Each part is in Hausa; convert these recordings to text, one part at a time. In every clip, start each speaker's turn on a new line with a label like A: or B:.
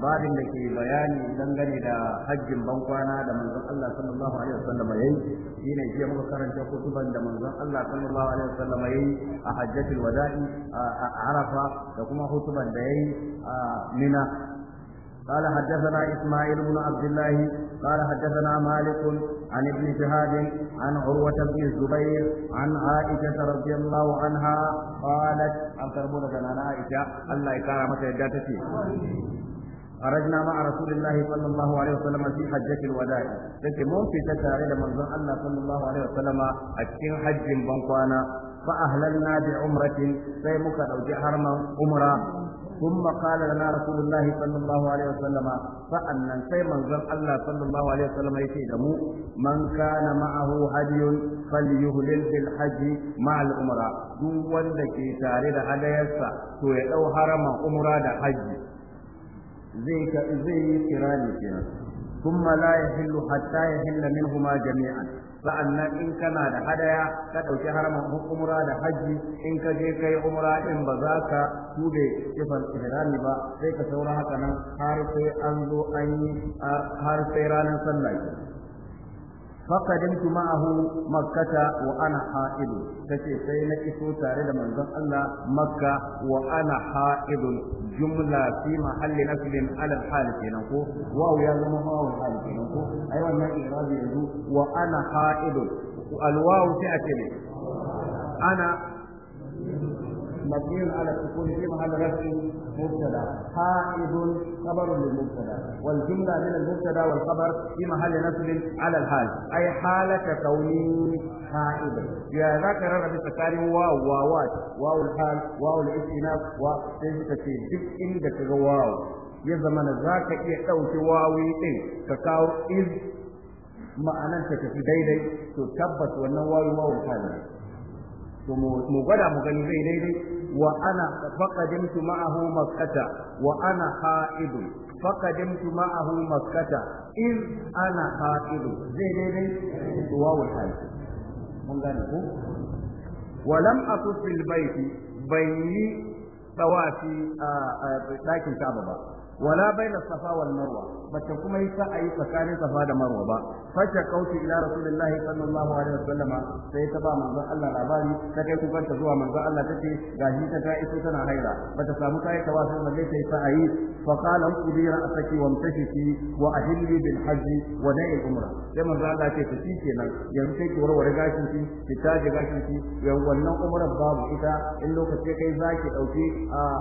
A: babin da ke bayani dangane da hajjin bankwana da manzon Allah sallallahu alaihi wasallam yayi shine jiya muka karanta kutuban da manzon Allah sallallahu alaihi wasallam yayi a hajjatul wada'i a Arafa da kuma hutuban da yayi a Mina قال حدثنا إسماعيل بن عبد الله قال حدثنا مالك عن ابن شهاب عن عروة بن الزبير عن عائشة رضي الله عنها قالت عن عائشة الله يكرمك يا خرجنا مع رسول الله صلى الله عليه وسلم في حجة الوداع لكن ممكن تتعرض من ظن الله صلى الله عليه وسلم أكين حج بنقوانا فأهللنا بعمرة سيمك أو جحرما عمرة ثم قال لنا رسول الله صلى الله عليه وسلم فأن سيما زر الله صلى الله عليه وسلم يتيدمو من كان معه هدي فليهلل بالحج مع الأمراء دون لكي تارد هديسا تو يدو حرم أمراء حج zai yi kirani kenan kuma la hillu hatta ya min huma jami'an sa'annan in kana da hadaya ka ɗauki haramin umra da haji in ka je kai umra in ba za ka tube ifan ihrami ba sai ka saura haka nan har sai an zo an yi har sai ranar sallah فقدمت معه مكة وأنا حائض تشي سينا إسو تارد من ذن الله مكة وأنا حائض جملة في محل نسل على الحالة نقول واو يا زمها الحالة نقول أيوة ما إعراب يزو وأنا حائض الواو تأتي أنا مبين على السكون في محل رفع مبتدا حائض خبر للمبتدا والجمله من المبتدا والخبر في محل نصب على الحال اي حاله كوني حائضا يا ذكر ربي تكاري واو إيه. واو واو الحال واو الاستئناف وتجد في دك عندك واو يا زمان ذاك يا iya ɗauki wawi ɗin اذ kawo iz ma'anar ta tafi daidai to tabbas wannan wawi wawan ka ne to mu gwada mu gani zai daidai wa ana faqadimtu ma'ahu in ana haid zai dai dai wa wa haid mun gani ko wa lam atu fil bayti bayni tawafi a dakin kaaba ولا بين الصفا والمروة بتكما يسا أي فكان صفا دا مروة با فشكوت إلى رسول الله صلى الله عليه وسلم سيتبع من ذا الله العباري تكيت كنت زوا من ذا الله تتي غاهي تتائس سنة حيرا فتسامك أي تواسل من ليس يسا أي فقال انقضي رأسك وامتشتي وأهلي بالحج ودعي الأمرة كما ذا الله تتي كنا يمسك ورور غاشنك تتاج غاشنك يوانا أمرة باب إتا إلو كتكي ذاك أو في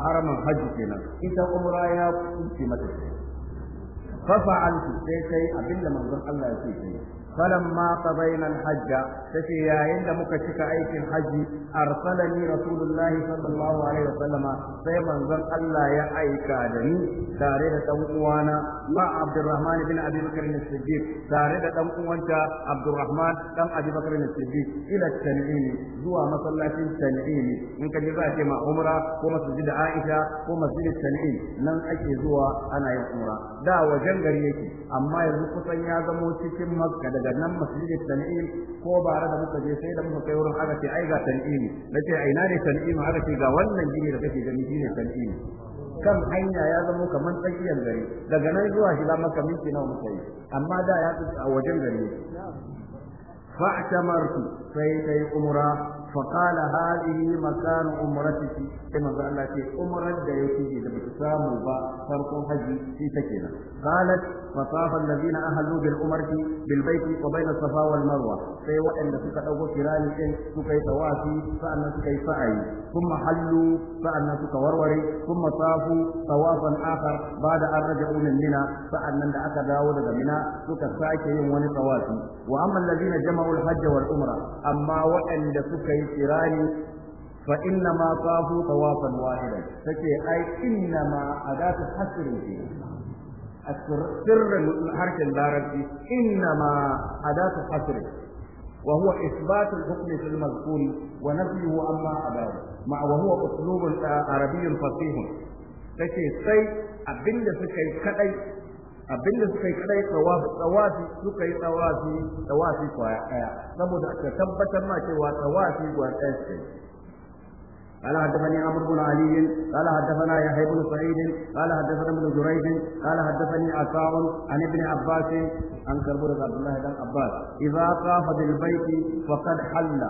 A: حرم الحج كنا إتا أمرة يا ce mata ce fa fa'altu sai kai abinda manzon Allah ya ce فلما قضينا الحج تشي يا عند مكتك أيك الحج أرسلني رسول الله صلى الله عليه وسلم سيما زن الله يا أيك آدمي تاريد أموانا مع عبد الرحمن بن أبي بكر الصديق تاريد أموانك عبد الرحمن دم أبي بكر الصديق إلى التنعيم زوا مصلاة التنعيم إن كان يبقى مع عمره ومسجد عائشة ومسجد التنعيم نن أكي زوا أنا يا عمره دا وجنجر يكي أما يزقطن يا زمو سكين مكة daga nan masjidin tan'im ko bara da muka je sai da muka kai wurin aka ce ai ga tan'im ce a ina ne tan'im aka ce ga wannan gini da kake gani shine tan'im kan hanya ya zama kamar tsakiyar gari daga nan zuwa shiga maka minti nawa muka yi amma da ya a wajen gari fa'tamartu sai kai umra فقال هذه مكان عمرتك كما قال الله في عمرة دا يكي إذا بتسامو با فرق حجي في سكينة قالت فطاف الذين أهلوا بالعمرة بالبيت وبين الصفا والمروة في وإن سكا أو كرال سكا يتوافي فأنا سكا يفعي ثم حلوا فأنا سكا وروري ثم طافوا طوافا آخر بعد أن رجعوا من منى فأنا دعك داود منى سكا ساكي وني طوافي وأما الذين جمعوا الحج والعمرة أما وإن سكا القران فانما طافوا طوافا واحدا تكي اي انما اداه حصر السر حرف اللاربي انما اداه حصر وهو اثبات الحكم في المذكور ونفيه عما اداه مع وهو اسلوب عربي فصيح تكي سي abinda suka yi kadai abinda suka yi kai tsawafi tsawafi suka yi tsawafi tsawafi kwaya ɗaya saboda ka tabbatar ma cewa tsawafi kwaya ɗaya suka yi قال حدثني عمرو بن علي قال حدثنا يحيى بن سعيد قال حدثنا ابن جريج قال حدثني عطاء عن ابن عباس عن كربورة عبد الله بن عباس اذا طاف بالبيت فقد حل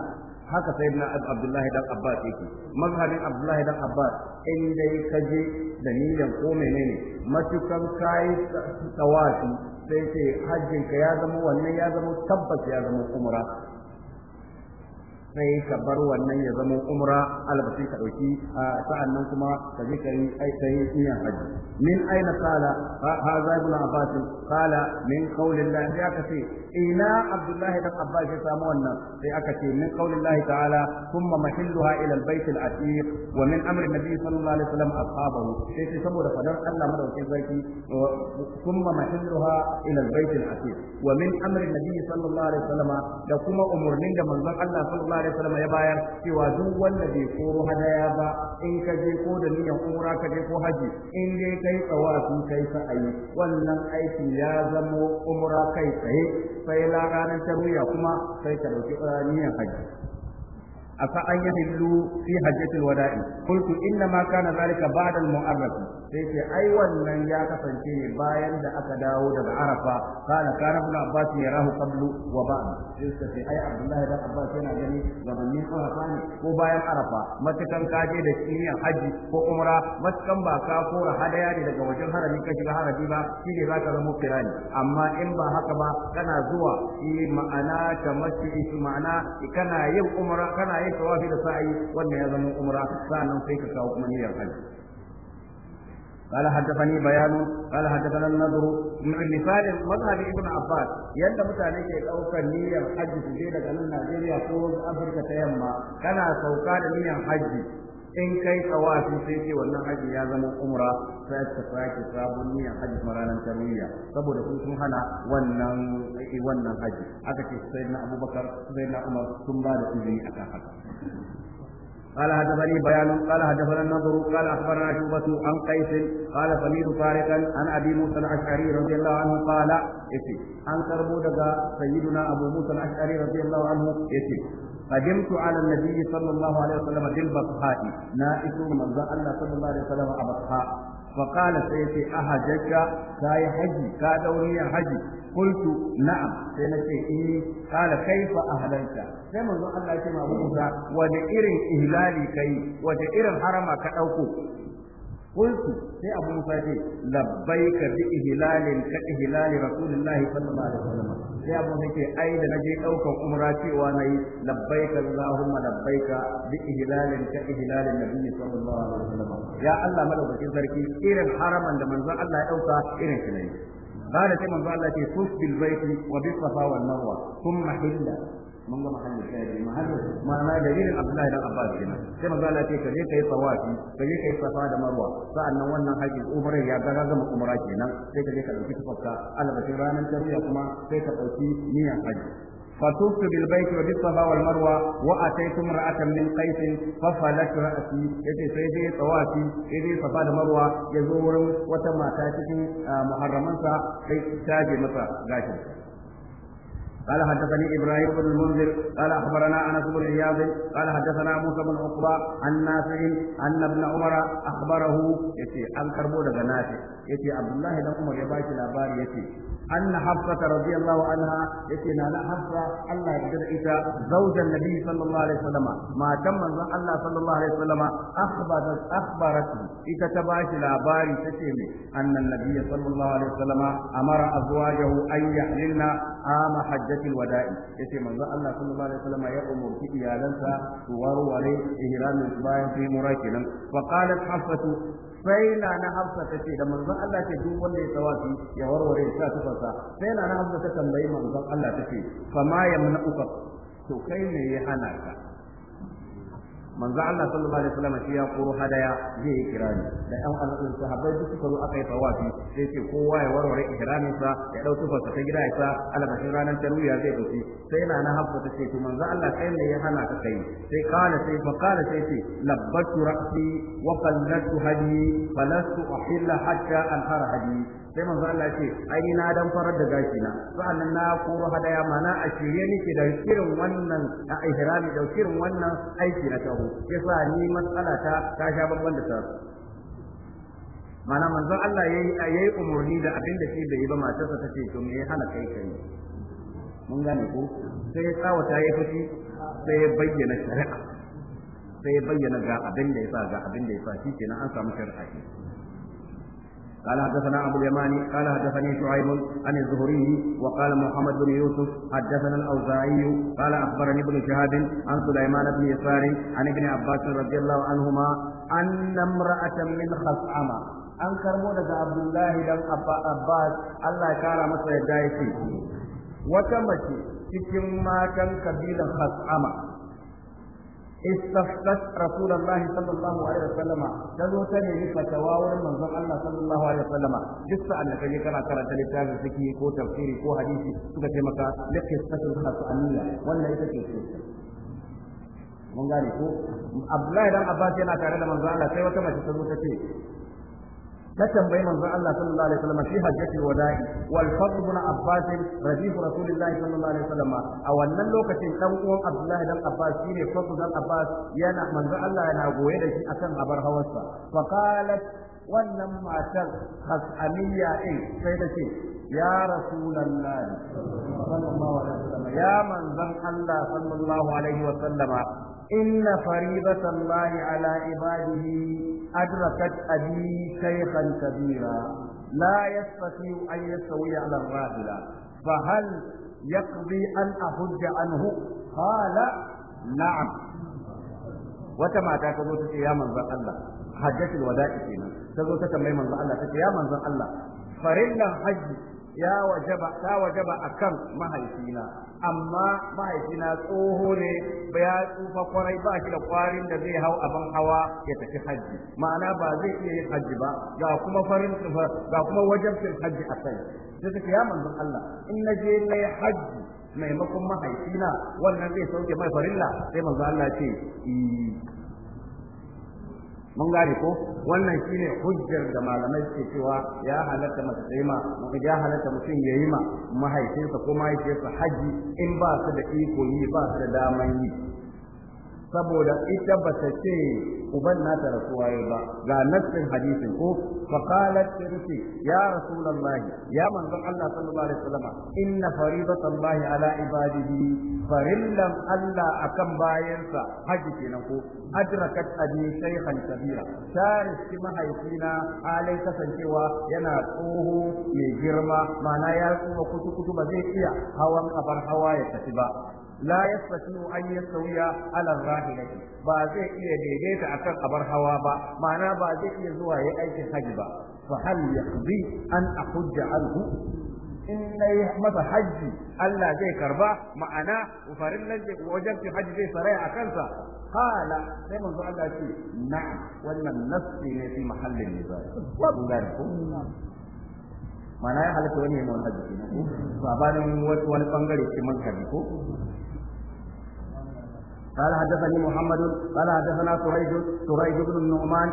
A: haka sai na abdullahi dan abbas yake mazhabin abdullahi dan abbas in dai kaje je da niyan ko menene matukan kai tawafi sai ce hajjin ka ya zama wannan ya zama tabbas ya zama umra sai ka bar wannan ya zama umra albasi ka dauki sa'an nan kuma ka je kai ai sai niyan hajji min aina qala hadha ibn abbas min qawli allah ya kace ina abdullahi dan abbas ya samu wannan sai aka ce min qaulillahi ta'ala thumma mahilluha ila albayt al-atiq wa min amri nabi sallallahu alaihi wasallam ashabahu sai ce saboda fadar Allah madaukakin sarki thumma mahilluha ila albayt al-atiq wa min amri nabi sallallahu alaihi wasallam da kuma umurnin da manzon Allah sallallahu alaihi wasallam ya bayar cewa duk wanda bai koro hadaya ba in ka je ko da niyan umra ka je ko haji in dai kai tsawafi kai sa'ayi wannan aiki ya zamo umra kai tsaye sai la ranar ta kuma sai ka ɗauki eh, niyyar haji أفأن يهلوا في حجة الوداع قلت إنما كان ذلك بعد المعرف سيتي أيوة من ياك فانتيني باين دا أكداو دا عرفة قال كان ابن عباس يراه قبل وبعد سيتي أي عبد الله دا عباس ينا جني زمنين عرفاني وباين عرفة متكن كاجي دا شيني حج وعمرة متكن باكا كورا حدايا دا جوجل هرمي كشغ هرمي با شيني ذاك زمو كراني أما إن با هكذا كان زوا في معنى تمشي في معنى كان يوم عمرة كان yi tawafi da sa'i wannan ya zama umra sa'annan sai ka kawo kuma niyyar hajji قال حدثني بيان قال حدثنا النضر من مثال مذهب ابن عباس yadda mutane ke daukar niyyar hajji su je daga nan Najeriya ko Afirka ta yamma kana sauka da niyyar hajji in kai tawafi sai ce wannan haji ya zama umra sai ka sake sabon niyan haji ranar tarwiya saboda kun sun hana wannan eh, wannan haji aka ce sai na abubakar sai na umar sun ba da izini a kan haka قال حدثني بيان قال حدثنا النضر قال اخبرنا شعبة عن قيس قال سميت فارقا عن ابي موسى الاشعري رضي الله عنه قال اتي عن كربو سيدنا ابو موسى الاشعري رضي الله عنه اتي قدمت على النبي صلى الله عليه وسلم بالبطحاء نائس من الله صلى الله عليه وسلم أبطحاء فقال سيتي أهجك كاي حجي كادوني حجي قلت نعم سينتي إني قال كيف أهللت sai manzon Allah ya ce ma Musa wani irin ihlali kai wani irin harama ka ɗauko qultu sai abu musa ce labbaika bi ihlalin ka ihlal rasulullahi sallallahu alaihi wasallam sai abu musa ce ai da naje daukan umra cewa nayi labbaika allahumma labbaika bi ihlalin ka ihlalin nabi sallallahu alaihi wasallam ya Allah madaukakin sarki irin haraman da manzon Allah ya dauka irin shi ne قال كما قال بالبيت وبالصفا والمروه ثم حل mun ga mahallin shahidi mahallin ma'ana dalilin Abdullahi dan Abbas kenan sai manzo Allah ce ka je kai tawafi ka je kai safa da marwa sa'annan wannan haji umrar ya ga gama umra kenan sai ka je ka dauki tafarka albatin ranar tarwiya kuma sai ka dauki niyyar haji فطفت بالبيت وبالصفا والمروة وأتيت امرأة من قيس ففلت رأسي يجي سيدي طوافي يجي صفا المروة يزور وتم تاتي محرما سا masa مصر قال حدثني ابراهيم بن المنذر قال اخبرنا انس بن عياض قال حدثنا موسى بن عقبه عن نافع ان ابن عمر اخبره يتي ان كربو daga nafi yace abdullahi dan umar ya baki labari yace أن حفصة رضي الله عنها يتنا لا حفصة الله يجد زوج النبي صلى الله عليه وسلم ما تم الله صلى الله عليه وسلم أخبرت أخبرته إتتباش لاباري تشيمي أن النبي صلى الله عليه وسلم أمر أزواجه أن يحللن عام حجة الوداع يتي من الله صلى الله عليه وسلم يأمر في إيالنسا وروى إهرام الإسباع في مراكنا فقالت حفصة sai na na hafsa ta ce da manzon Allah ke duk wanda ya tawafi ya warware ya sa fasa. sai na na hafsa ta tambayi manzon Allah ta ce fa ma yamna'uka to kai ne ya hana ka manzo Allah sallallahu alaihi wasallam ya koro hadaya zai yi kirani da ɗan al'adun sahabbai duk suka zo aka yi tawafi sai ce kowa ya warware ihramin sa ya dauki fasa ta gida ya sa almashin ranar tarwiya zai dauki sai na na habba ta ce to manzo Allah kai ne ya hana ka kai sai kana sai fa kana sai ce labbatu ra'si wa qallatu hadi falastu uhilla hatta anhara hadi sai manzo Allah ce ai na dan farar da gashi na nan na koro hadaya mana a shirye nake da kirin wannan a ihrami da kirin wannan aiki na taho yasa ni matsala ta ta sha babban da ta mana manzon Allah yayi yi umarni da abin da shi bai yi ba matarsa ce to me ya hana kai kai mun gane ko sai ya tsawata ya fushi sai ya bayyana shari'a sai ya bayyana ga abin da yasa ga abin da yasa kenan an samu shari'a قال حدثنا أبو اليماني قال حدثني شعيب عن الزهري وقال محمد بن يوسف حدثنا الأوزاعي قال أخبرني ابن شهاب عن سليمان بن يسار عن ابن عباس رضي الله عنهما أن امرأة من خصعمة an karbo daga Abdullahi dan Abbas Allah ya kara masa yadda yake wata mace cikin matan kabilan Khas'ama استفتت رسول الله صلى الله عليه وسلم تزو تنمي فتوى من زم الله صلى الله عليه وسلم جس أن كي كنا ترى تلتاز سكي كو تفسيري كو حديثي سكا تمكا لك استفتت الخطأنية ولا يتكي mun gane ko Abdullahi dan Abbas yana tare da manzo Allah sai wata mace ta zo na tambayi manzon Allah sallallahu alaihi wasallam shi hajjatul wada'i wal fadl ibn abbas rabihu rasulillahi sallallahu alaihi wasallam a wannan lokacin dan uwan abdullahi dan abbas shine fadl dan abbas yana manzon Allah yana goye da shi akan abar hawarsa fa qalat wannan matar hasamiyya din sai da ce ya rasulullahi sallallahu alaihi wasallam ya manzon Allah sallallahu alaihi wasallam إن فريضة الله على عباده أدركت أبي شيخا كبيرا لا يستطيع أن يستوي على الراحلة فهل يقضي أن أحج عنه قال نعم وتما تاكدو يا منظر الله حجة الوداع كينا تزو تتمي منظر الله يا منظر الله فرلا حج ya wajaba a kan akan mahaifina amma mahaifina tsoho ne ba ya tsufa kwarai ba shi da kwarin da zai hau abin hawa ya tafi hajji ma'ana ba zai iya yin hajji ba ga kuma farin ga kuma wajabcin hajji a kai sai take ya manzon Allah in naje nayi hajji maimakon mahaifina wannan zai sauke mai farilla sai manzon Allah ce mun gane ko wannan shine hujjar da malamai suke cewa ya halatta mace ta ma ya halatta mutum ya yi ma mahaifinsa ko mahaifiyarsa haji in ba su da iko yi ba su da daman yi saboda ita ba ta ce uban nata rasuwa ya ba ga nassin hadisin ko fa qalat tirsi ya rasulullah ya manzon Allah sallallahu alaihi wasallam inna faridatallahi ala ibadihi farillam Allah akan bayansa haji kenan ko adrakat abi shaykhan kabira taris ki mahaifina alai kasancewa yana tsoho mai girma mana ya tsufa kutu kutu ba zai iya hawan kabar hawa ya tafi ba la yastati'u an yastawiya ala rahilati ba zai iya daidaita akan abar hawa ba ma'ana ba zai iya zuwa yayi aikin haji ba Ba fa ya yaqdi an hujja anhu in nayi masa haji Allah zai karba ma'ana farin nan wajen haji zai saraya a kansa qala sai manzo Allah ce na'am wannan nafsi ne fi mahallin nizar wa mana ya halatta wani yana wani hajji ko sabanin wani bangare ce man ko قال حدثني محمد قال حدثنا قريش قريش بن النعمان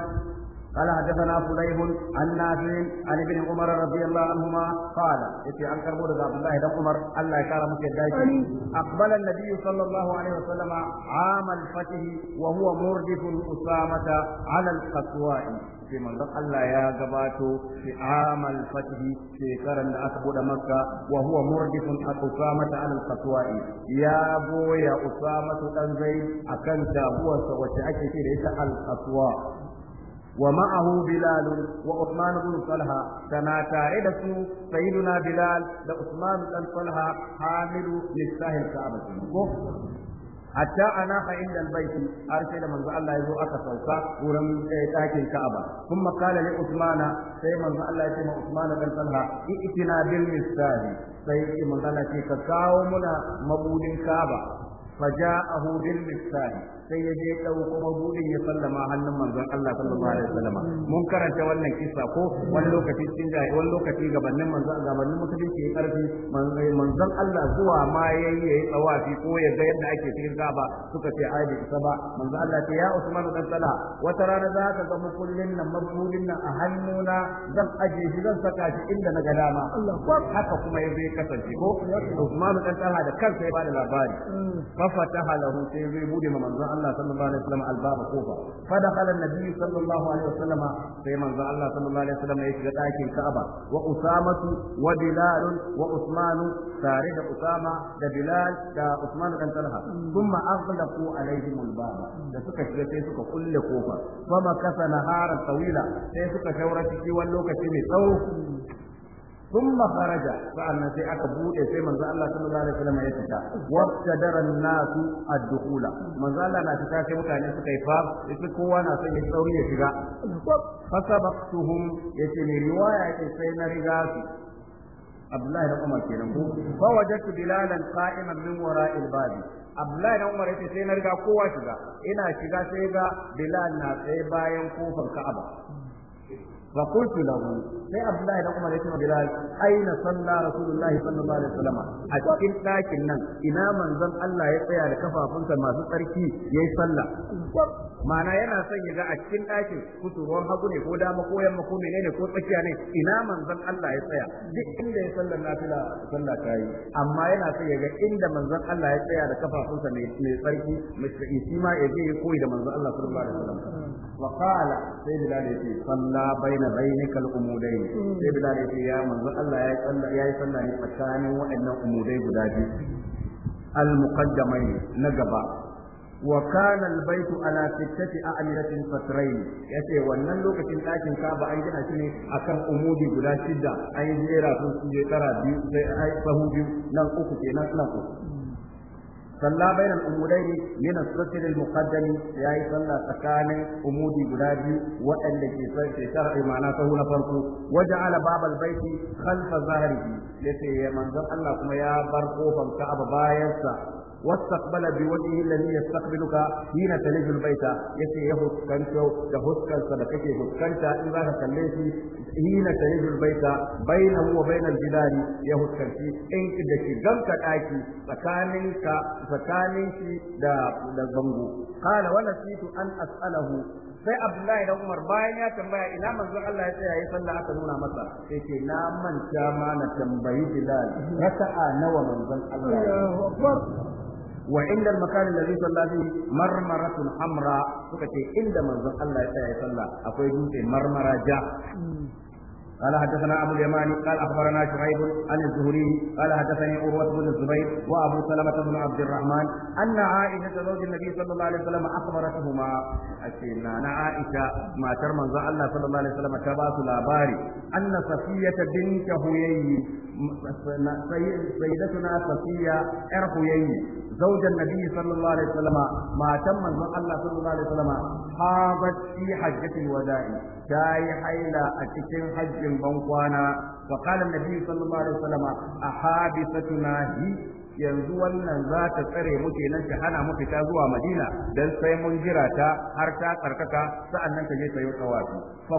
A: قال حدثنا فليح عن نافع عن ابن عمر رضي الله عنهما قال اتي عن كربور عبد الله بن عمر الله يكرم مسجد اقبل النبي صلى الله عليه وسلم عام الفتح وهو مردف اسامه على القسواء ce manzon Allah ya gabato fi amal fatihi shekaran da aka bude makka wa huwa murdifun usama ta al qatwa'i ya goya usama dan zai akan tabuwarsa wacce ake ce da ita al qatwa ومعه بلال وعثمان بن طلحة كما تارد سيدنا بلال لعثمان بن طلحة حامل مفتاح hatta ana ha inda albayti har sai da manzo Allah ya zo aka sauka wurin eh, ɗakin Ka'aba kuma qala li Usmana sai manzo Allah ya ce ma Usman dan Talha i'tina bil misali sai manzo Allah ya ce ka kawo muna mabudin Ka'aba faja'ahu bil misali sai ya je ɗauko mabudin ya sallama hannun manzon Allah sallallahu alaihi wasallam mun karanta wannan kisa ko wani lokaci cikin da wani lokaci gabanin manzon gabanin musulunci ya karfi manzon Allah zuwa ma yayi yayi tsawafi ko ya ga yadda ake cikin Kaaba suka ce ai da ba manzon Allah ce ya Usman dan sala wata rana za ka ga mukullin nan mabudin nan a hannuna zan aje shi zan saka shi inda na ga dama haka kuma ya zai kasance ko Usman dan sala da kansa ya bada labari mm. fa fataha lahu sai zai bude ma manzon الله صلى الله عليه وسلم الباب كوفة فدخل النبي صلى الله عليه وسلم في من الله صلى الله عليه وسلم يشجع لكن كعبة وأسامة وبلال وعثمان تاريخ أسامة دا بلال دا عثمان بن طلحة ثم أغلقوا عليهم الباب da suka shiga sai suka kulle kofa fama kasa naharar tawila sai suka shaura ciki wani lokaci mai tsawo ثم خرج فأنا سي أكبوت سي من ذا الله صلى الله عليه وسلم يتكا وابتدر الناس الدخول من ذا الله نتكا سي متعني سكيفا وانا ناسا يتوري يتكا فسبقتهم يتني رواية سينا رجاسي Abdullahi da Umar kenan ko fa wajadtu bilalan qa'iman min wara'il babi Abdullahi da Umar yace sai na riga kowa shiga ina shiga sai ga Bilal na sai bayan kofar Ka'aba فقلت له سي عبد الله بن عمر يتم بلال اين صلى رسول الله صلى الله عليه وسلم اكن داكن نان ina manzon Allah ya tsaya da kafafunsa masu tsarki yayi sallah ma'ana yana son ya ga a cikin ɗakin kusurwar hagu ne ko dama ko yamma ko menene ko tsakiya ne ina manzon Allah ya tsaya duk inda ya sallar nafila sallah ta yi amma yana son ya ga inda manzon Allah ya tsaya da kafafunsa mai tsarki mai shi ma ya je koyi da manzon Allah sallallahu alaihi wasallam wa qala sai bilal ya ce salla baina baina bainika al-umudai sai bilal ya ce ya manzo Allah ya sallah ya yi sallah ne tsakanin waɗannan umudai guda biyu al-muqaddamai na gaba wa kana al-bayt ala sittati a'miratin fatrayn yace wannan lokacin ɗakin Ka'aba an gina shi ne akan umudi guda shida an yi jera sun je tara biyu sai ai sahu biyu nan uku kenan nan uku صلى بين الأمودين من السطر المقدم يأي صلى سكان أمودي قدابي وأن في شرع معناته نفرق وجعل باب البيت خلف ظهره يتي من الله كما يا برقوفا كعب بايسا واستقبل بوجهه الذي يستقبلك حين تلج البيت يتي يهسكنت تهسكن صدقك هسكنت إذا هكليت حين تلج البيت بينه وبين الجدار يهسكنت إن كده شغلت آيكي فكاننك فكاننك دا, دا زنبو قال ونسيت أن أسأله sai Abdullahi da Umar bayan ya tambaya ina manzon Allah ya tsaya ya sallah aka nuna masa sai ce na manta ma na tambayi Bilal raka'a nawa manzon Allah wa inda al-makan alladhi salla fi marmaratun hamra suka ce inda manzon Allah ya tsaya ya salla akwai dutse marmara ja hmm. قال حدثنا ابو اليماني قال اخبرنا شعيب عن الزهري قال حدثني عروه بن الزبير وابو سلمه بن عبد الرحمن ان عائشه زوج النبي صلى الله عليه وسلم اخبرتهما اشينا انا عائشه ما ترمن الله صلى الله عليه وسلم تباس لاباري ان صفيه بنت هيي سيدتنا صفيه ار هيي زوج النبي صلى الله عليه وسلم ما تم الله صلى الله عليه وسلم حاضت في حجه الوداع جاي حيلا اتكن حج aikin bankwana فقال النبي صلى الله عليه وسلم أحابستنا yanzu wannan za ta tsare mu nan ta hana mu fita zuwa Madina dan sai mun jira ta har ta tsarkaka nan ta je ta yi tawafi fa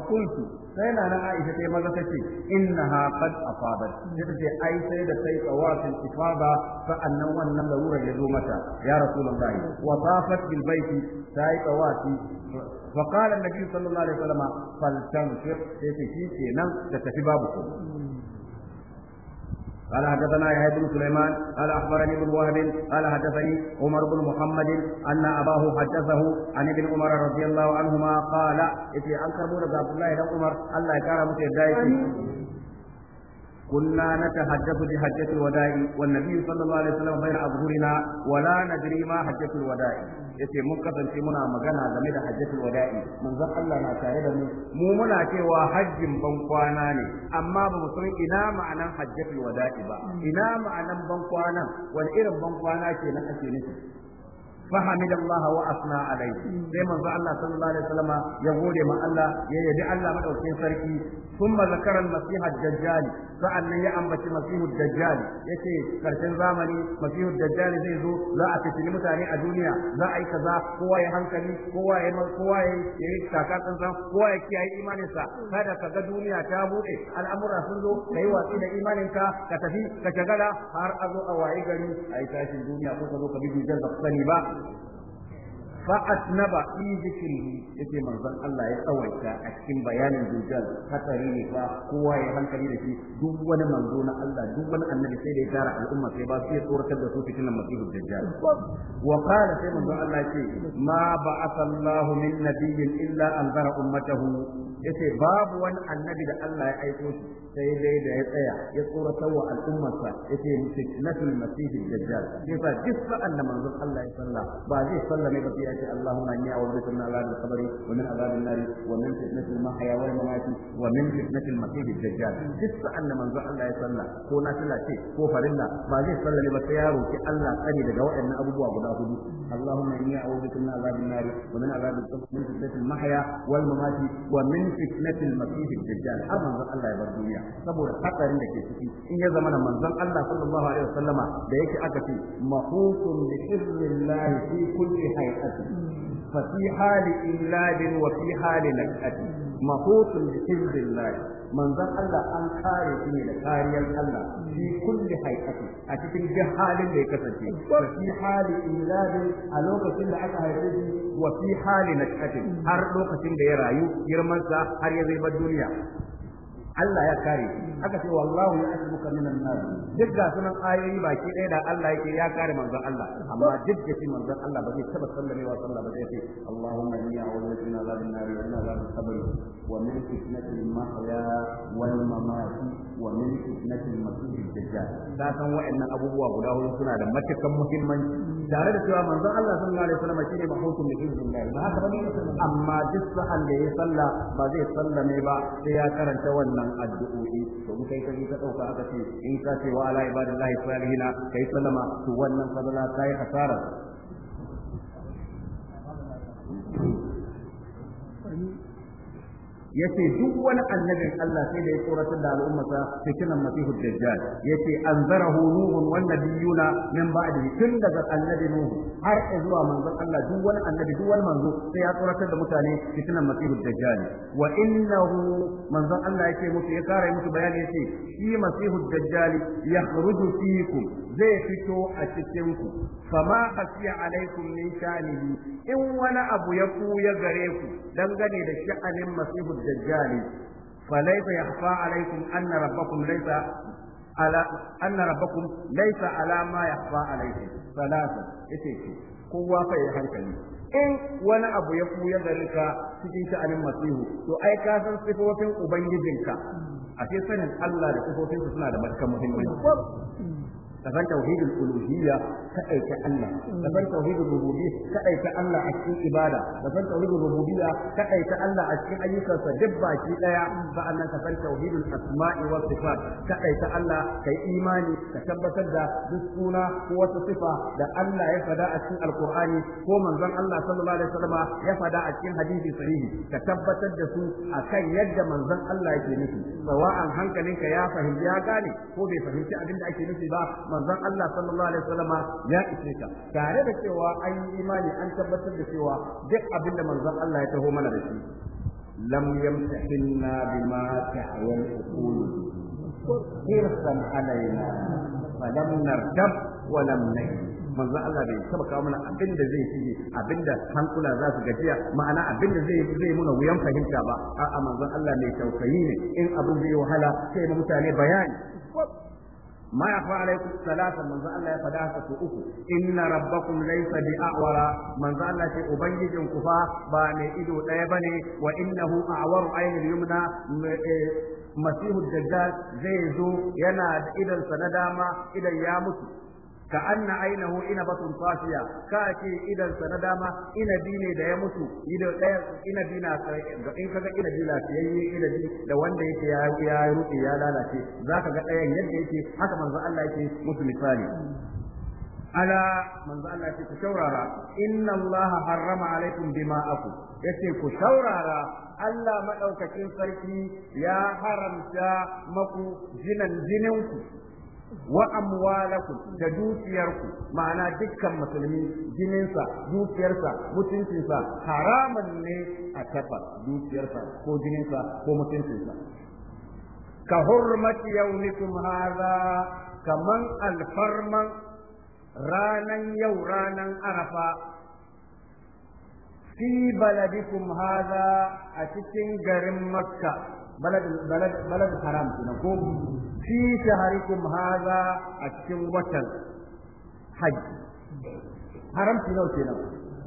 A: sai na na Aisha sai maza tace innaha qad afabat sai ce ai sai da sai tawafin ifada nan wannan larura ya zo mata ya rasulullahi wa tafat bil baiti sai tawafi wa qala annabi sallallahu alaihi wasallam faltanfiq sai ce shi kenan da tafi babu ko قال حدثنا يحيى بن سليمان قال اخبرني ابن وهب قال حدثني عمر بن محمد ان اباه حدثه عن ابن عمر رضي الله عنهما قال اتي انكر عبد الله بن عمر الله يكرمه يدايتي كنا نتحدث بحجة الوداع والنبي صلى الله عليه وسلم بين أظهرنا ولا ندري ما حجة الوداع yace mun kasance muna magana game da hajjatul wada'i manzon Allah na tare da mu mu muna cewa hajjin ban kwana ne amma ba mu san ina ma'anan hajjatul wada'i ba ina ma'anan ban kwana wani irin ban kwana kenan ake nufi فحمد الله واثنى عليه sai manzo Allah sallallahu alaihi wasallam ya gode ma Allah ya yabi Allah madaukakin sarki ثم ذكر Dajjali, الدجال sa'annan ya ambaci Dajjali. Ya ce karshen zamani masihu Dajjali zai zo za a fitili mutane a duniya za a yi kaza kowa ya hankali kowa ya kowa ya yi taka tsantsan ya kiyaye imaninsa kada ka ga duniya ta buɗe al'amura sun zo ka yi watsi da imaninka ka tafi ka shagala har a zo a waye gari a yi tashin duniya ko ka zo ka bi dujar ba sani ba fa asnaba in zikiri yake Allah ya tsawaita a cikin bayanin dukkan hatari ne ba ya hankali da shi duk wani manzo na Allah duk wani annabi sai da ya al'umma sai ba sai tsoratar da su cikin masibul dajjal sai manzon Allah ce ma ba asallahu min nabiyyin illa yace babu wani annabi da Allah ya aika shi sai dai da ya tsaya ya tsoratar wa al'ummarsa ya ce fitnatul masihid dajjal sai fa duk sa'an da manzon Allah ya salla ba zai salla mai ba sai ya ce Allahumma inni a'udhu bika min azabil qabri wa min azabil nar wa min fitnatil mahya wal mamat wa min fitnatil masihid dajjal duk sa'an da manzon Allah ya salla ko na nafila ce ko farilla ba zai salla mai ba sai ya roki Allah tsare daga waɗannan abubuwa guda hudu Allahumma inni a'udhu bika min azabil nar wa min azabil qabri min fitnatil mahya wal mamat wa min fitnatil masihid dajjal har manzon Allah ya bar duniya saboda hatsarin da ke ciki in ya zama manzon Allah sallallahu alaihi wasallama da yake aka ce mahusum bi hizbillah fi kulli hay'ati fa fi hali illadin wa fi hali lakati mahusum bi hizbillah manzon Allah an kare shi ne da kariyar Allah fi kulli hay'ati a cikin duk halin da ya kasance fa fi hali illadin a lokacin da aka haife shi wa fi hali lakati har lokacin da ya rayu girman sa har ya zai bar duniya Allah ya kare shi aka ce wallahu yasbuka minan nar duk ga sunan ayoyi baki ɗaya da Allah yake ya kare manzon Allah amma duk da shi manzon Allah ba zai taba sallamewa sallah ba zai ce Allahumma inni a'udhu bika min azabil nar wa min azabil qabr wa min fitnatil mahya wal mamat wa min fitnatil masih dajjal da san wa'annan abubuwa guda hudu suna da matakan muhimmanci tare da cewa manzon Allah sallallahu alaihi wasallam shine mahukun bi iznillah ba haka ba amma duk sahan da ya salla ba zai sallame ba sai ya karanta wannan addu'o'i in kai ta ka dauka aka ce in ka ce wa ala ibadillahi salihina kai sallama to wannan fadala yi hasara yace duk wani annabin Allah sai da ya tsoratar da al'ummata fitinan masihu dajjal yace anzarahu nuhun wan nabiyuna min ba'di tun daga annabi nuhu har zuwa manzon Allah duk wani annabi duk wani manzo sai ya tsoratar da mutane fitinan masihu dajjal wa innahu manzon Allah yake musu ya kare musu bayani yace shi masihu dajjal yakhruju fikum zai fito a cikin ku fama khasiya alaikum min sha'nihi in wani abu ya kuya gare ku dangane da sha'anin masihu dajjali falaysa yakhfa alaikum anna rabbakum laysa ala anna rabbakum laysa ala ma yakhfa alaikum salasa yace kowa fa ya hankali in wani abu ya fuya gare ka cikin sha'anin masihu to ai ka san sifofin ubangijinka a ce sanin Allah da sifofinsa suna da matakan muhimmanci daban tauhidul uluhiyya ka Allah daban tauhidul rububiyya ka Allah a cikin ibada daban tauhidul rububiyya ka aika Allah a cikin ayyukan sa duk baki ɗaya sa'annan ka san tauhidul asma'i was sifat ka aika Allah kai imani ka tabbatar da duk suna ko wata sifa da Allah ya fada a cikin alqur'ani ko manzon Allah sallallahu alaihi wasallam ya fada a cikin hadisi sahihi ka tabbatar da su akan yadda manzon Allah yake nufi sawa'an hankalinka ya fahimci ya gane ko bai fahimci abin da ake nufi ba manzon Allah sallallahu alaihi wasallam ya ishe ka tare da cewa an yi imani an tabbatar da cewa duk abinda da manzon Allah ya taho mana da shi lam yamtahinna bima tahwal uqul hirsan alaina falam nardab wa lam nahi manzon Allah bai taba kawo mana abinda zai shige abinda hankula za su gajiya ma'ana abinda zai zai muna wuyan fahimta ba a'a manzon Allah mai tausayi ne in abu zai wahala sai na mutane bayani ما يخفى عليكم ثلاثة من ذا الله يفداك سوءكم إن ربكم ليس بأعور من ذا الله في أبنجد كفا باني إدو تيبني وإنه أعور عين اليمنى مسيح الدجال زيزو zo إذا da إذا sa ka anna ina batun safiya ka ce idan sa na dama inabi ne da ya mutu daya ina inabi na ga in kaga yi ina inabi da wanda yake ya ya rufe ya lalace zaka ga ɗayan yadda yake haka manzo Allah yake musu misali ala manzo Allah ce ku shaurara inna Allah harrama alaikum dima'akum yace ku shaurara Allah madaukakin sarki ya haramta maku jinan jininku wa amwalakum da dukiyarku ma'ana dukkan musulmi jininsa dukiyarsa mutuncinsa haraman ne a tafa dukiyarsa ko jininsa ko mutuncinsa ka hurmati yaumikum hadha kaman alfarman ranan yau ranan arafa fi baladikum hadha a cikin garin makka balad balad balad haram kenan fi shaharikum hadha a cikin watan hajji haramci nawa kenan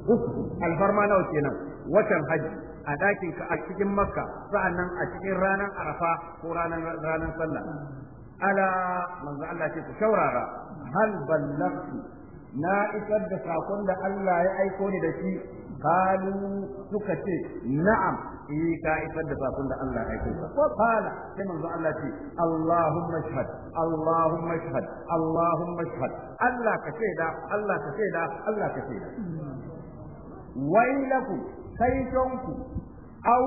A: uku nawa kenan watan hajji a dakin ka a cikin makka sa'annan a cikin ranar arafa ko ranar ranar sallah ala manzo Allah ce ku shaurara hal na isar da sakon da Allah ya aiko ni da shi قالوا سكتي نعم إيه كائفة دفاقون الله يكون وقال كما الله تي اللهم اشهد اللهم اشهد اللهم اشهد الله كشيدا الله كشيدا الله كشيدا ويلكم سيشنكم أو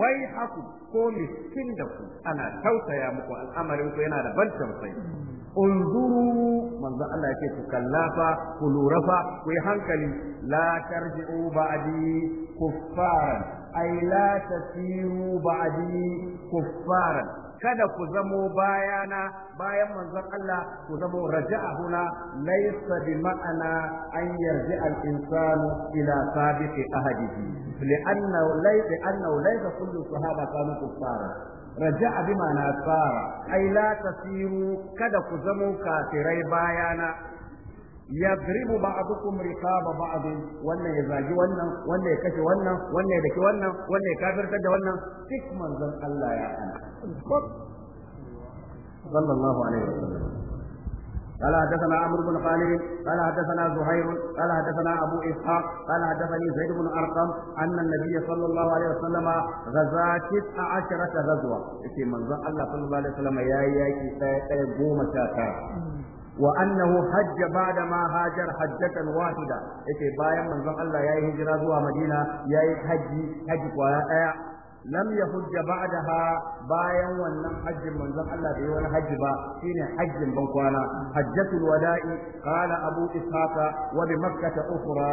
A: ويحكم ko miskin da ku ana tausaya muku al'amarin ku yana da ban tausayi unzuru manzon Allah yake ku kallafa ku lura fa ku yi hankali la tarji'u ba'di kuffaran ay la tasiru ba'di kuffaran kada ku zamo bayana bayan manzon Allah ku zamo raja'a huna laysa bi ma'ana an yarji al insanu ila sabiqi ahadihi li'annahu laysa annahu laysa kullu sahaba kanu kuffara raja'a Abima na tsara ai la tasiru kada ku zamo kafirai bayana yadribu ba'dukum riqaba ba'd wannan ya zagi wannan wannan ya kashe wannan wannan ya daki wannan wannan ya kafirtar da wannan duk manzon Allah ya ana sallallahu alaihi wasallam قال حدثنا عمرو بن خالد قال حدثنا زهير قال حدثنا ابو اسحاق قال حدثني زيد بن ارقم ان النبي صلى الله عليه وسلم غزا تسع عشرة غزوة في منظر الله صلى الله عليه وسلم يا ياكي سايا قوم وأنه حج بعد ما هاجر حجة واحدة إيه بايا من الله يا هجرة مدينة يا حج حج ولا lam yahujja ha bayan wannan hajjin manzon Allah bai wani hajji ba shine hajjin ban kwana hajjatul wada'i qala abu ishaqa wa bi makkah ukhra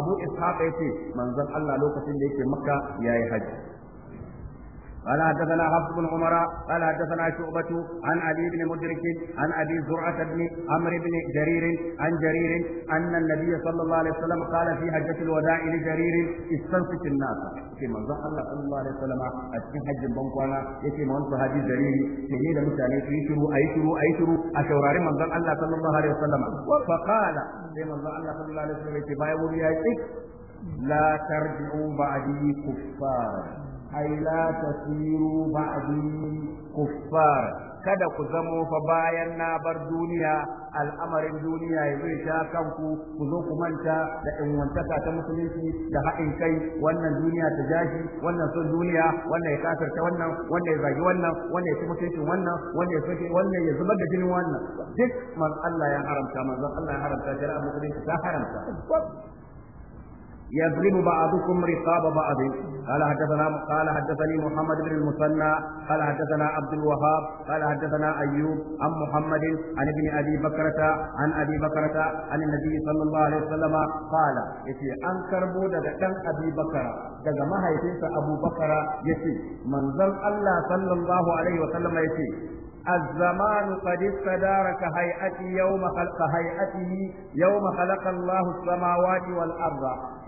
A: abu ishaqa yace manzon Allah lokacin da yake makka yi hajji قال حدثنا حفص بن عمر قال حدثنا شعبة عن علي بن مدرك عن أبي زرعة بن عمرو بن جرير عن جرير أن النبي صلى الله عليه وسلم قال في حجة الوداع لجرير استنصت الناس في منظر الله صلى الله عليه وسلم أتكن حج بنقوانا يتي منصر هذه جرير تهيد مثالي تيشروا أيشروا أيشروا أشورار منظر الله صلى الله عليه وسلم فقال في منظر الله صلى الله عليه وسلم يتبايبوا لي لا ترجعوا بعدي كفارا ai la tasiru ba'di kuffar kada ku zamo fa bayan na bar duniya al'amarin duniya ya zai sha kanku ku zo ku manta da ingantaka ta musulunci da haɗin kai wannan duniya ta jashi wannan son duniya wannan ya kasarta wannan wannan ya zagi wannan wannan ya ci mutuncin wannan wannan ya soke zubar da jinin wannan duk man Allah ya haramta manzon Allah ya haramta shari'a musulunci ta haramta يضرب بعضكم رقاب بعض قال حدثنا قال حدثني محمد بن المثنى قال حدثنا عبد الوهاب قال حدثنا ايوب عن محمد عن ابن ابي بكرة عن ابي بكرة عن النبي صلى الله عليه وسلم قال يتي ان كربو دغ دان ابي بكرة دغ ما هيتنسى ابو بكرة يتي منزل الله صلى الله عليه وسلم يتي الزمان قد استدار كهيئته يوم خلق هيئته يوم خلق الله السماوات والأرض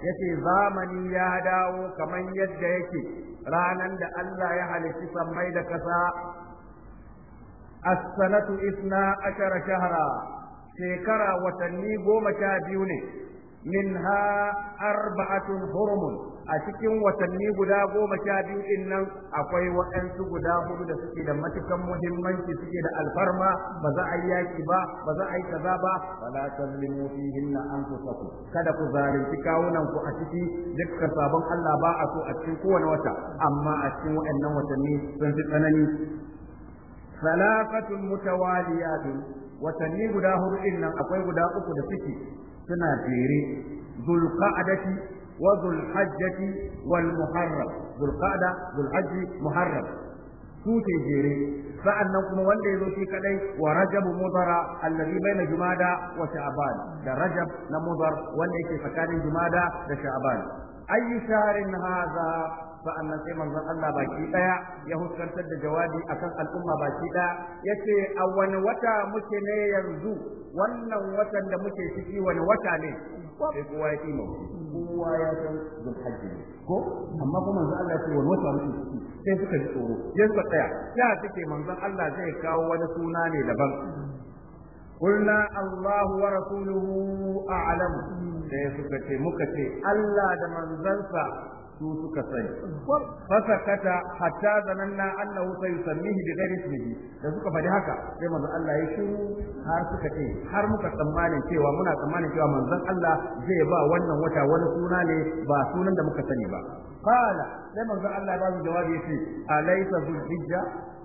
A: يتي زامني يا داو كمن يد يتي رانا لألا يحلف سميد كسا السنة إثنا عشر شهرا شكرا وتني قوم شابيوني منها أربعة هرم a cikin watanni guda goma sha biyu din nan akwai waɗansu guda hudu da suke da matukan muhimmanci suke da alfarma ba za a yi yaki ba ba za a yi kaza ba wala tazlimu fihinna anfusakum kada ku zalunci kawunan ku a ciki dukkan sabon Allah ba a so a cikin kowane wata amma a cikin waɗannan watanni sun fi tsanani salafatun mutawaliyatun watanni guda hudu din nan akwai guda uku da suke suna jere zulqa'adati وذو الحجة والمحرم ذو القعدة ذو الحج محرم سوتي جيري sa'annan kuma wanda ya zo shi kadai wa rajab mudara allazi baina jumada wa sha'ban da rajab na mudar wanda yake tsakanin jumada da An yi shahrin haza. sa'annan sai manzon Allah baki daya ya huskantar da jawabi akan al'umma baki daya yace a wani wata muke ne yanzu wannan watan da muke ciki wani wata ne sai kowa ya kima kowa ya san zulhajji ne ko amma kuma manzon Allah ya ce wani wata muke ciki sai suka ji tsoro sai suka tsaya Ya suke manzon Allah zai kawo wani suna ne daban قلنا الله ورسوله أعلم sai suka ce muka ce Allah da manzansa su suka sani fasakata hatta zananna annahu sayusammihi bi ghairi ismihi da suka faɗi haka sai manzo Allah ya shiru har suka ce har muka tsammanin cewa muna tsammanin cewa manzon Allah zai ba wannan wata wani suna ne ba sunan da muka sani ba qala sai manzo Allah ba mu jawabi yace alaysa zulhijja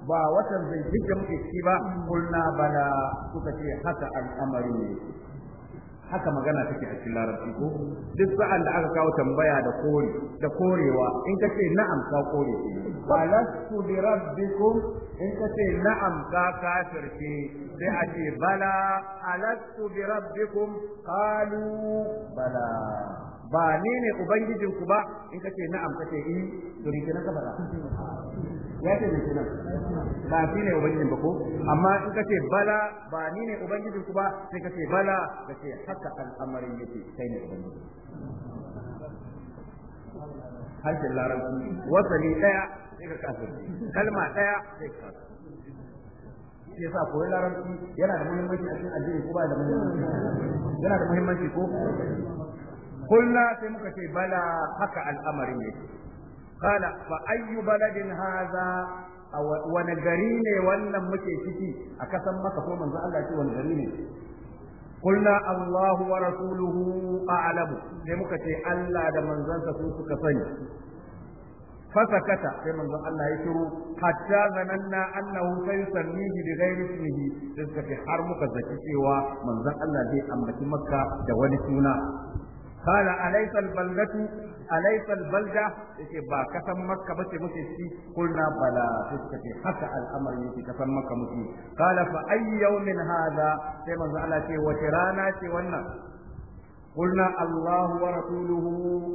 A: ba watan zulhijja muke ci ba kulna bala suka ce haka al'amari ne haka magana take a cikin larabci ko duk sa'an da aka kawo tambaya da kore da korewa in ka ce na'am ka kore balastu bi rabbikum in ka ce na'am ka kafirce sai a ce bala alastu bi rabbikum qalu bala ba ni ne ubangijinku ba in ka ce na'am ka ce in eh, to ne ka fara ya ce mai suna, ba shi ne ubangijin ba ko amma in ka ce bala ba ni ne ubangijin ku ba sai ka ce bala ka ce haka al'amarin yake kai ne ubangijin harshen larabci ne daya sai ka kafir kalma daya sai ka kafir shi yasa koyon larabci yana da muhimmanci a cikin addini ko ba da muhimmanci yana da muhimmanci ko kullu sai muka ce bala haka al'amarin yake قال فأي بلد هذا hadha wani gari ne wannan muke ciki من زعل maka ko قلنا الله ورسوله أعلم لمكة ألا دمن زعل سوسك فني فسكت في من زعل الله يشرو حتى ظننا أنه سيسميه بغير اسمه تسكت في حرمك الزكي ومن زعل الله دي أمك مكة دون سونا قال أليس البلدة alaysa albalda yace ba kasan makka ba ce muke ci kulna bala suka ce haka al'amari yake kasan makka muke qala fa ayyu yawmin hadha sai manzo Allah ce wace rana ce wannan قلنا الله ورسوله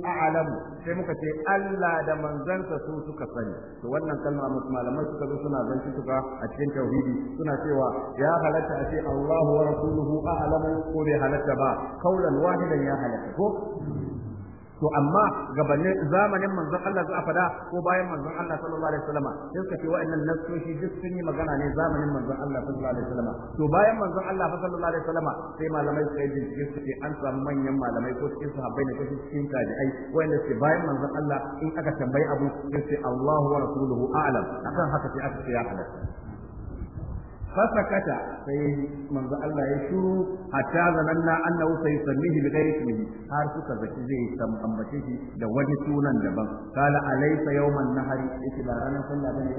A: أعلم sai muka ce Allah da manzansa su suka sani to wannan kalma malamai suka zo suna zanci suka a cikin tauhidi suna cewa ya halatta a ce Allah wa rasuluhu a'lamu ko bai halatta ba kaulan wahidan ya halatta ko to amma gabanin zamanin manzon Allah za a fada ko bayan manzon Allah sallallahu alaihi wasallam sai suka ce wa'annan nasoshi duk sun yi magana ne zamanin manzon Allah sallallahu alaihi wasallam to bayan manzon Allah sallallahu alaihi wasallam sai malamai suka yi bincike su ce an samu manyan malamai ko cikin sahabbai ne ko cikin tabi'ai wa'anda suke bayan manzon Allah in aka tambayi abu sai Allahu wa rasuluhu a'lam akan haka sai aka ce ya halatta fasakata sai manzo Allah ya shuru hatta zananna annahu sai sannihi bi ghairi ismihi har suka zaki zai san ambace shi da wani sunan daban kala alaysa yawman nahari yake ba ranar sallah bane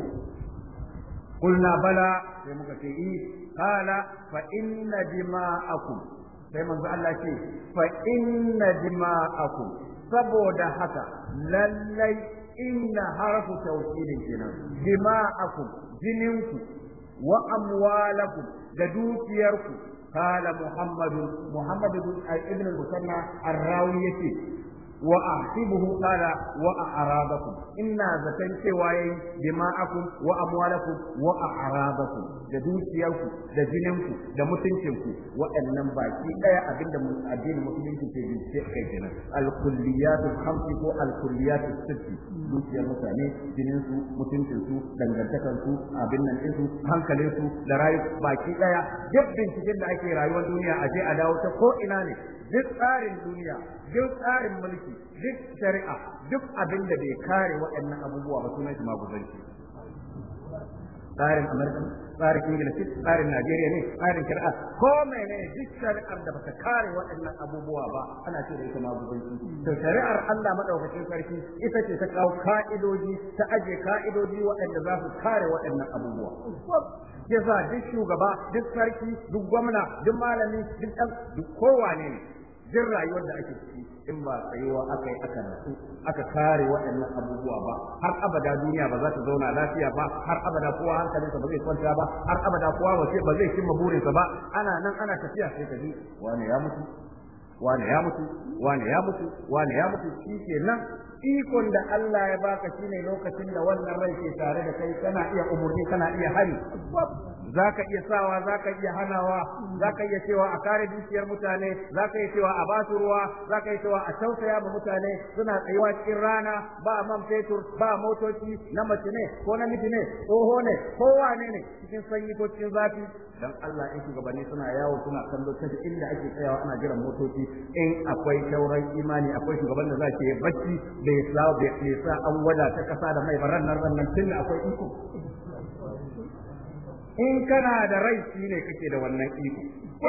A: qulna bala sai muka ce i kala fa inna dima'akum sai manzo Allah ce fa inna dima'akum saboda haka lallai inna harfu tawkidin kenan dima'akum jininku wa amwalakum da dukiyarku kala muhammadu muhammadu ibn al-musanna ar-rawi yace wa ahsibuhu qala wa a'radakum inna zatan cewa yayi dima'akum wa amwalakum wa a'radakum da dukiyarku da jininku da mutuncinku waɗannan baki daya abinda addinin musulunci ke bincike kai kenan al-kulliyat al-khams ko al-kulliyat sitt dukiyar mutane jininsu mutuncinsu dangantakarsu abin nan hankalinsu da rayuwa baki daya duk binciken da ake rayuwar duniya a je a dawo ta ko ina ne duk tsarin duniya duk tsarin mulki duk shari'a duk abin da bai kare waɗannan abubuwa ba sunan shi maguzanci tsarin amurka tsarin ingilishi tsarin najeriya ne tsarin shari'a ko mai ne duk shari'ar da ta kare waɗannan abubuwa ba ana ce da ita maguzanci to shari'ar allah maɗaukacin sarki ita ce ta kawo ka'idoji ta aje ka'idoji waɗanda za su kare waɗannan abubuwa sa duk shugaba duk sarki duk gwamna duk malami duk ɗan duk kowane ne jin rayuwar da ake ciki in ba tsayuwa aka yi aka nasu aka kare waɗannan abubuwa ba har abada duniya ba za ta zauna lafiya ba har abada kowa hankalinsa ba zai kwanta ba har abada kowa ba zai cimma burinsa ba ana nan ana tafiya sai ka ji wani ya mutu wani ya mutu wani ya mutu wani ya mutu shi ke nan ikon da Allah ya baka shi ne lokacin da wannan rai ke tare da kai kana iya umurni kana iya hari zaka iya sawa zaka iya hanawa ka iya cewa a kare dukiyar mutane zaka iya cewa a basu ruwa zaka iya cewa a tausaya ma mutane suna tsayuwa cikin rana ba man fetur ba motoci na mace ne ko na miji ne tsoho ne ko ne ne cikin sanyi ko cikin zafi dan Allah in shugabanni suna yawo suna kallo ta inda ake tsayawa ana jiran motoci in akwai tauran imani akwai shugaban da za yi bacci bai sa bai sa an wada ta kasa da mai barannan nan nan tun akwai iko in kana da rai shine kake da wannan iko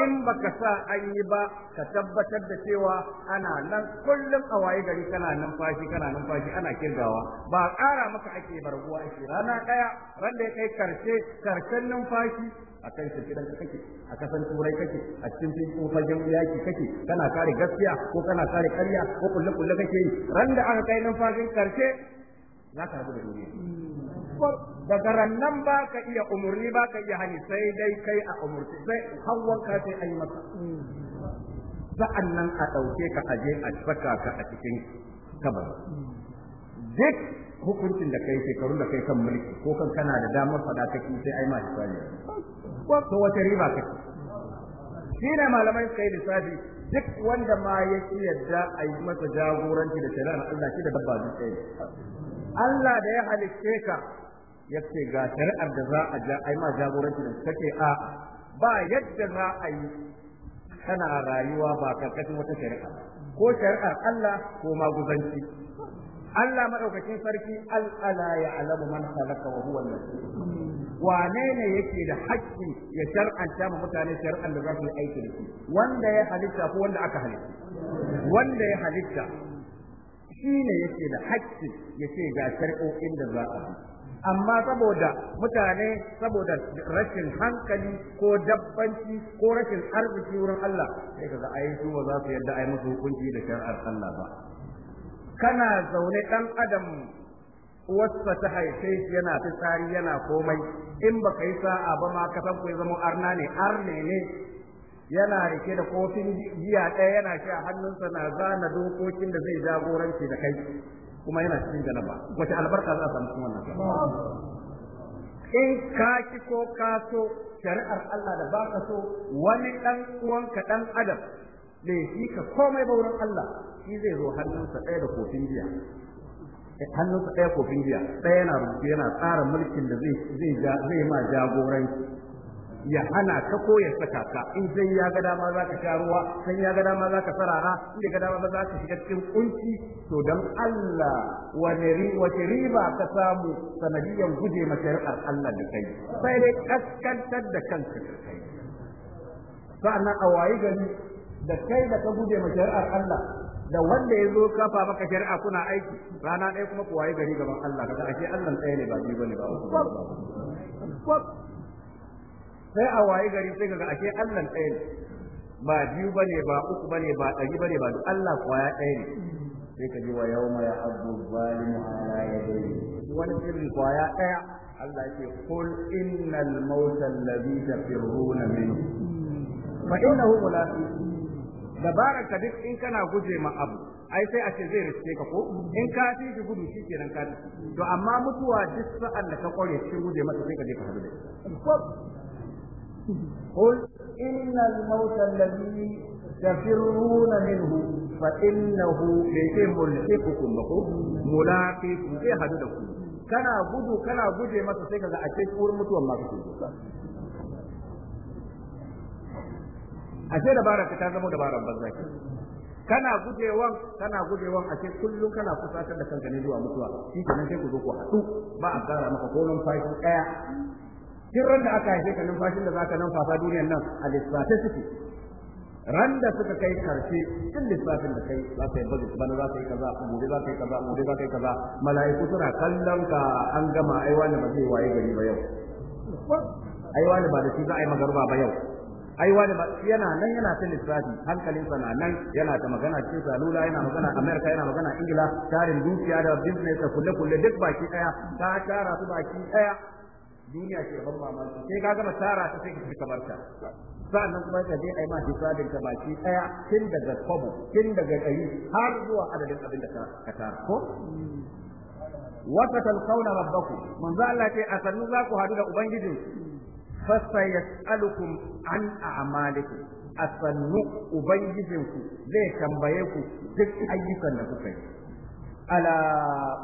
A: in baka sa an yi ba ka tabbatar da cewa ana nan kullum a waye gari kana numfashi kana numfashi ana kirgawa ba ƙara maka ake barguwa ake rana ɗaya ran da ya kai karshe karshen numfashi a kan shirkidan ka kake a kasan turai kake a cikin fagen yaki kake kana kare gaskiya ko kana kare karya ko kulle kulle kake yi ran da aka kai numfashin karshe za ka rabu da duniya daga rannan ba ka iya umarni ba ka iya hani sai dai kai a umurci sai hawan ka sai a yi maka sa'an nan a ɗauke ka aje a saka ka a cikin kabar duk hukuncin da kai shekarun da kai kan mulki ko kan kana da damar fada kake sai ai ma hisabi ko wata riba kake shi ne malamai suka yi lissafi duk wanda ma ya ki yadda a yi masa jagoranci da shari'ar Allah shi da dabba duk Allah da ya halicce ka ya ce ga shari'ar da za a ja ai ma jagoranci da ta ce a ba yadda za a yi kana rayuwa ba karkashin wata shari'a ko shari'ar Allah ko maguzanci Allah madaukakin sarki al'ala ya alamu man halaka wa huwa wane ne yake da haƙƙi ya shar'anta ma mutane shar'an da za su yi aiki da shi wanda ya halitta ko wanda aka halitta wanda ya halitta shi ne yake da haƙƙi ya ce ga shari'o'in da za a bi amma saboda mutane saboda rashin hankali ko dabbanci ko rashin arziki wurin Allah sai kaga ai su ba za su yarda ai musu hukunci da shari'ar Allah ba kana zaune dan adam wasa ta haife yana fitsari yana komai in baka yi sa'a ba ma ka san kai zama arna ne arne ne yana rike da kofin giya ɗaya yana sha hannunsa na zana dokokin da zai jagoranci da kai kuma yana cikin janaba wace albarka za a samu cikin wannan in ka ki ko ka so shari'ar Allah da baka so wani dan ka dan adam da shi ka komai ba wurin Allah shi zai zo hannunsa ɗaya da kofin giya eh, hannunsa ɗaya kofin giya ɗaya yana rubuce yana tsara mulkin da zai zai ma jagoranci ya hana ka ko ya saka ka in sai ya ga dama za ka sha ruwa sai ya ga dama za ka sarara in ya ga dama za ka shiga cikin kunci to dan Allah wace riba ka samu sanadiyan guje ma shari'ar Allah da kai sai dai kaskantar da kanka da kai sa'annan a wayi gari da kai da ka guje ma shari'ar Allah da wanda ya zo kafa maka shari'a kuna aiki rana ɗaya kuma ku wayi gari gaban Allah kaga ashe Allah tsaye ne ba biyu bane ba sai a waye gari sai ga ashe Allah ɗaya ne ba biyu bane ba uku bane ba ɗari bane ba duk Allah kwaya ɗaya ne sai ka ji wa ma ya abu zalimu ala yadayhi wani sirri kwaya ɗaya Allah ce kul innal mauta alladhi tafirruna minhu fa innahu mulaqi dabarar ka duk in kana guje ma abu ai sai a ce zai riske ka ko in ka ci shi gudu shi kenan ka to amma mutuwa duk sa'an da ka kware shi guje masa sai ka je ka hadu da shi قل إن الموت الذي تفرون منه فإنه بيتم ملحقكم بكم ملاقيكم في حدودكم كان gudu kana guje masa sai kaga a ce wurin mutuwan ma kake a ce dabara ta zama dabaran banza ke kana gujewan kana gujewan a ce kullum kana kusatar da kanka ne zuwa mutuwa shi kenan sai ku zo ku haɗu ba a kara maka ko numfashi ɗaya duk ran da aka haife ka numfashin da zaka numfasa duniyan nan a lissafe suke ran da suka kai karshe cikin lissafin da kai za ka yi bazin bana za ka yi kaza gobe za ka yi kaza gobe za ka yi kaza mala'iku suna kallon ka an gama ai wani ba zai waye gari ba yau ai wani ba da shi za a yi magarba ba yau ai wani ba yana nan yana ta lissafi hankalin sa nan yana ta magana cikin salula yana magana Amerika yana magana Ingila tarin dukiya da business da kulle kulle duk baki daya ta tara su baki daya duniya ce ban mamaki sai ka gama tara ta sai ka fita barta sa'annan kuma ka je ai ma hisabin ka baki daya tun daga kwabo tun daga dari har zuwa adadin abin da ka tara ko wata talqauna rabbakum manzo Allah ce a sannu za ku hadu da ubangijin fasayasalukum an a'malikum a sannu ubangijinku zai tambaye ku duk ayyukan da kuka yi ala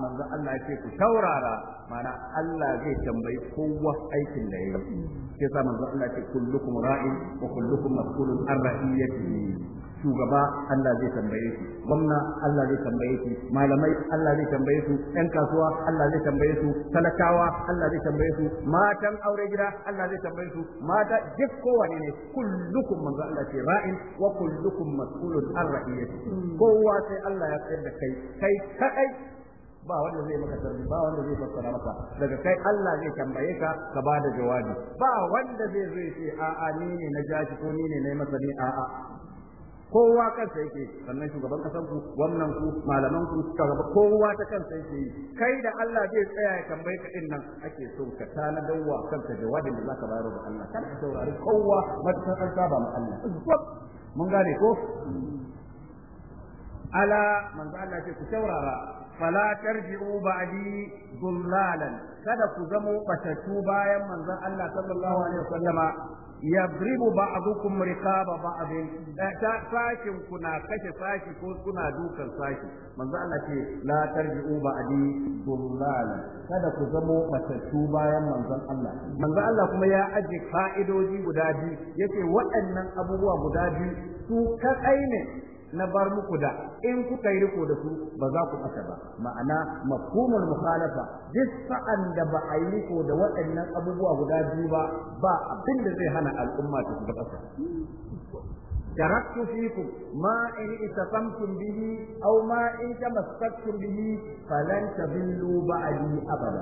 A: manzo Allah ce ku taurara ma'ana Allah zai tambayi kowa aikin da ya yi ke sa manzo Allah ce kullukum ra'in wa kullukum mas'ulun an ra'iyatihi shugaba Allah zai tambaye shi gwamna Allah zai tambaye shi malamai Allah zai tambaye su ɗan kasuwa Allah zai tambaye su talakawa Allah zai tambaye su matan aure gida Allah zai tambaye su mata duk kowane ne kullukum manzo Allah ce ra'in wa kullukum mas'ulun an ra'iyatihi kowa sai Allah ya tsayar da kai kai kadai ba wanda zai maka tarbi ba wanda zai fassara maka daga kai Allah zai tambaye ka ka ba da jawabi ba wanda zai zo ya ce a'a ni ne na jashi ko ni ne na masa a a'a kowa kansa yake sannan shugaban kasan ku wannan ku malaman ku shugaba kowa ta kansa yake yi kai da Allah zai tsaya ya tambaye ka din nan ake so ka tana dawwa kanka jawabin da zaka bayar ga Allah kada ka saurari kowa matakan an saba ma Allah mun gane ko ala manzo Allah ce ku saurara fala tarji'u ba'di dullalan kada ku zamo batatu bayan manzon Allah sallallahu ba wasallama yadribu ba'dukum riqaba ba'd ta sakin kuna kashe saki ko kuna dukan saki manzo Allah ce la tarji'u ba'di dullala kada ku zamo batattu bayan manzon Allah eh, manzo Allah kuma ya ajiye fa'idodi guda biyu yace waɗannan abubuwa guda biyu su kadai na bar muku da in kuka yi riko da su ba za ku ɓata ba ma'ana mafhumul mukhalafa duk sa'an da ba a yi ko da waɗannan abubuwa guda biyu ba ba abin da zai hana al'umma ta shiga ƙasa تركت فيكم ma in اتقمتم bihi aw ma in tamassaktum bihi falan tabillu ba'di abada.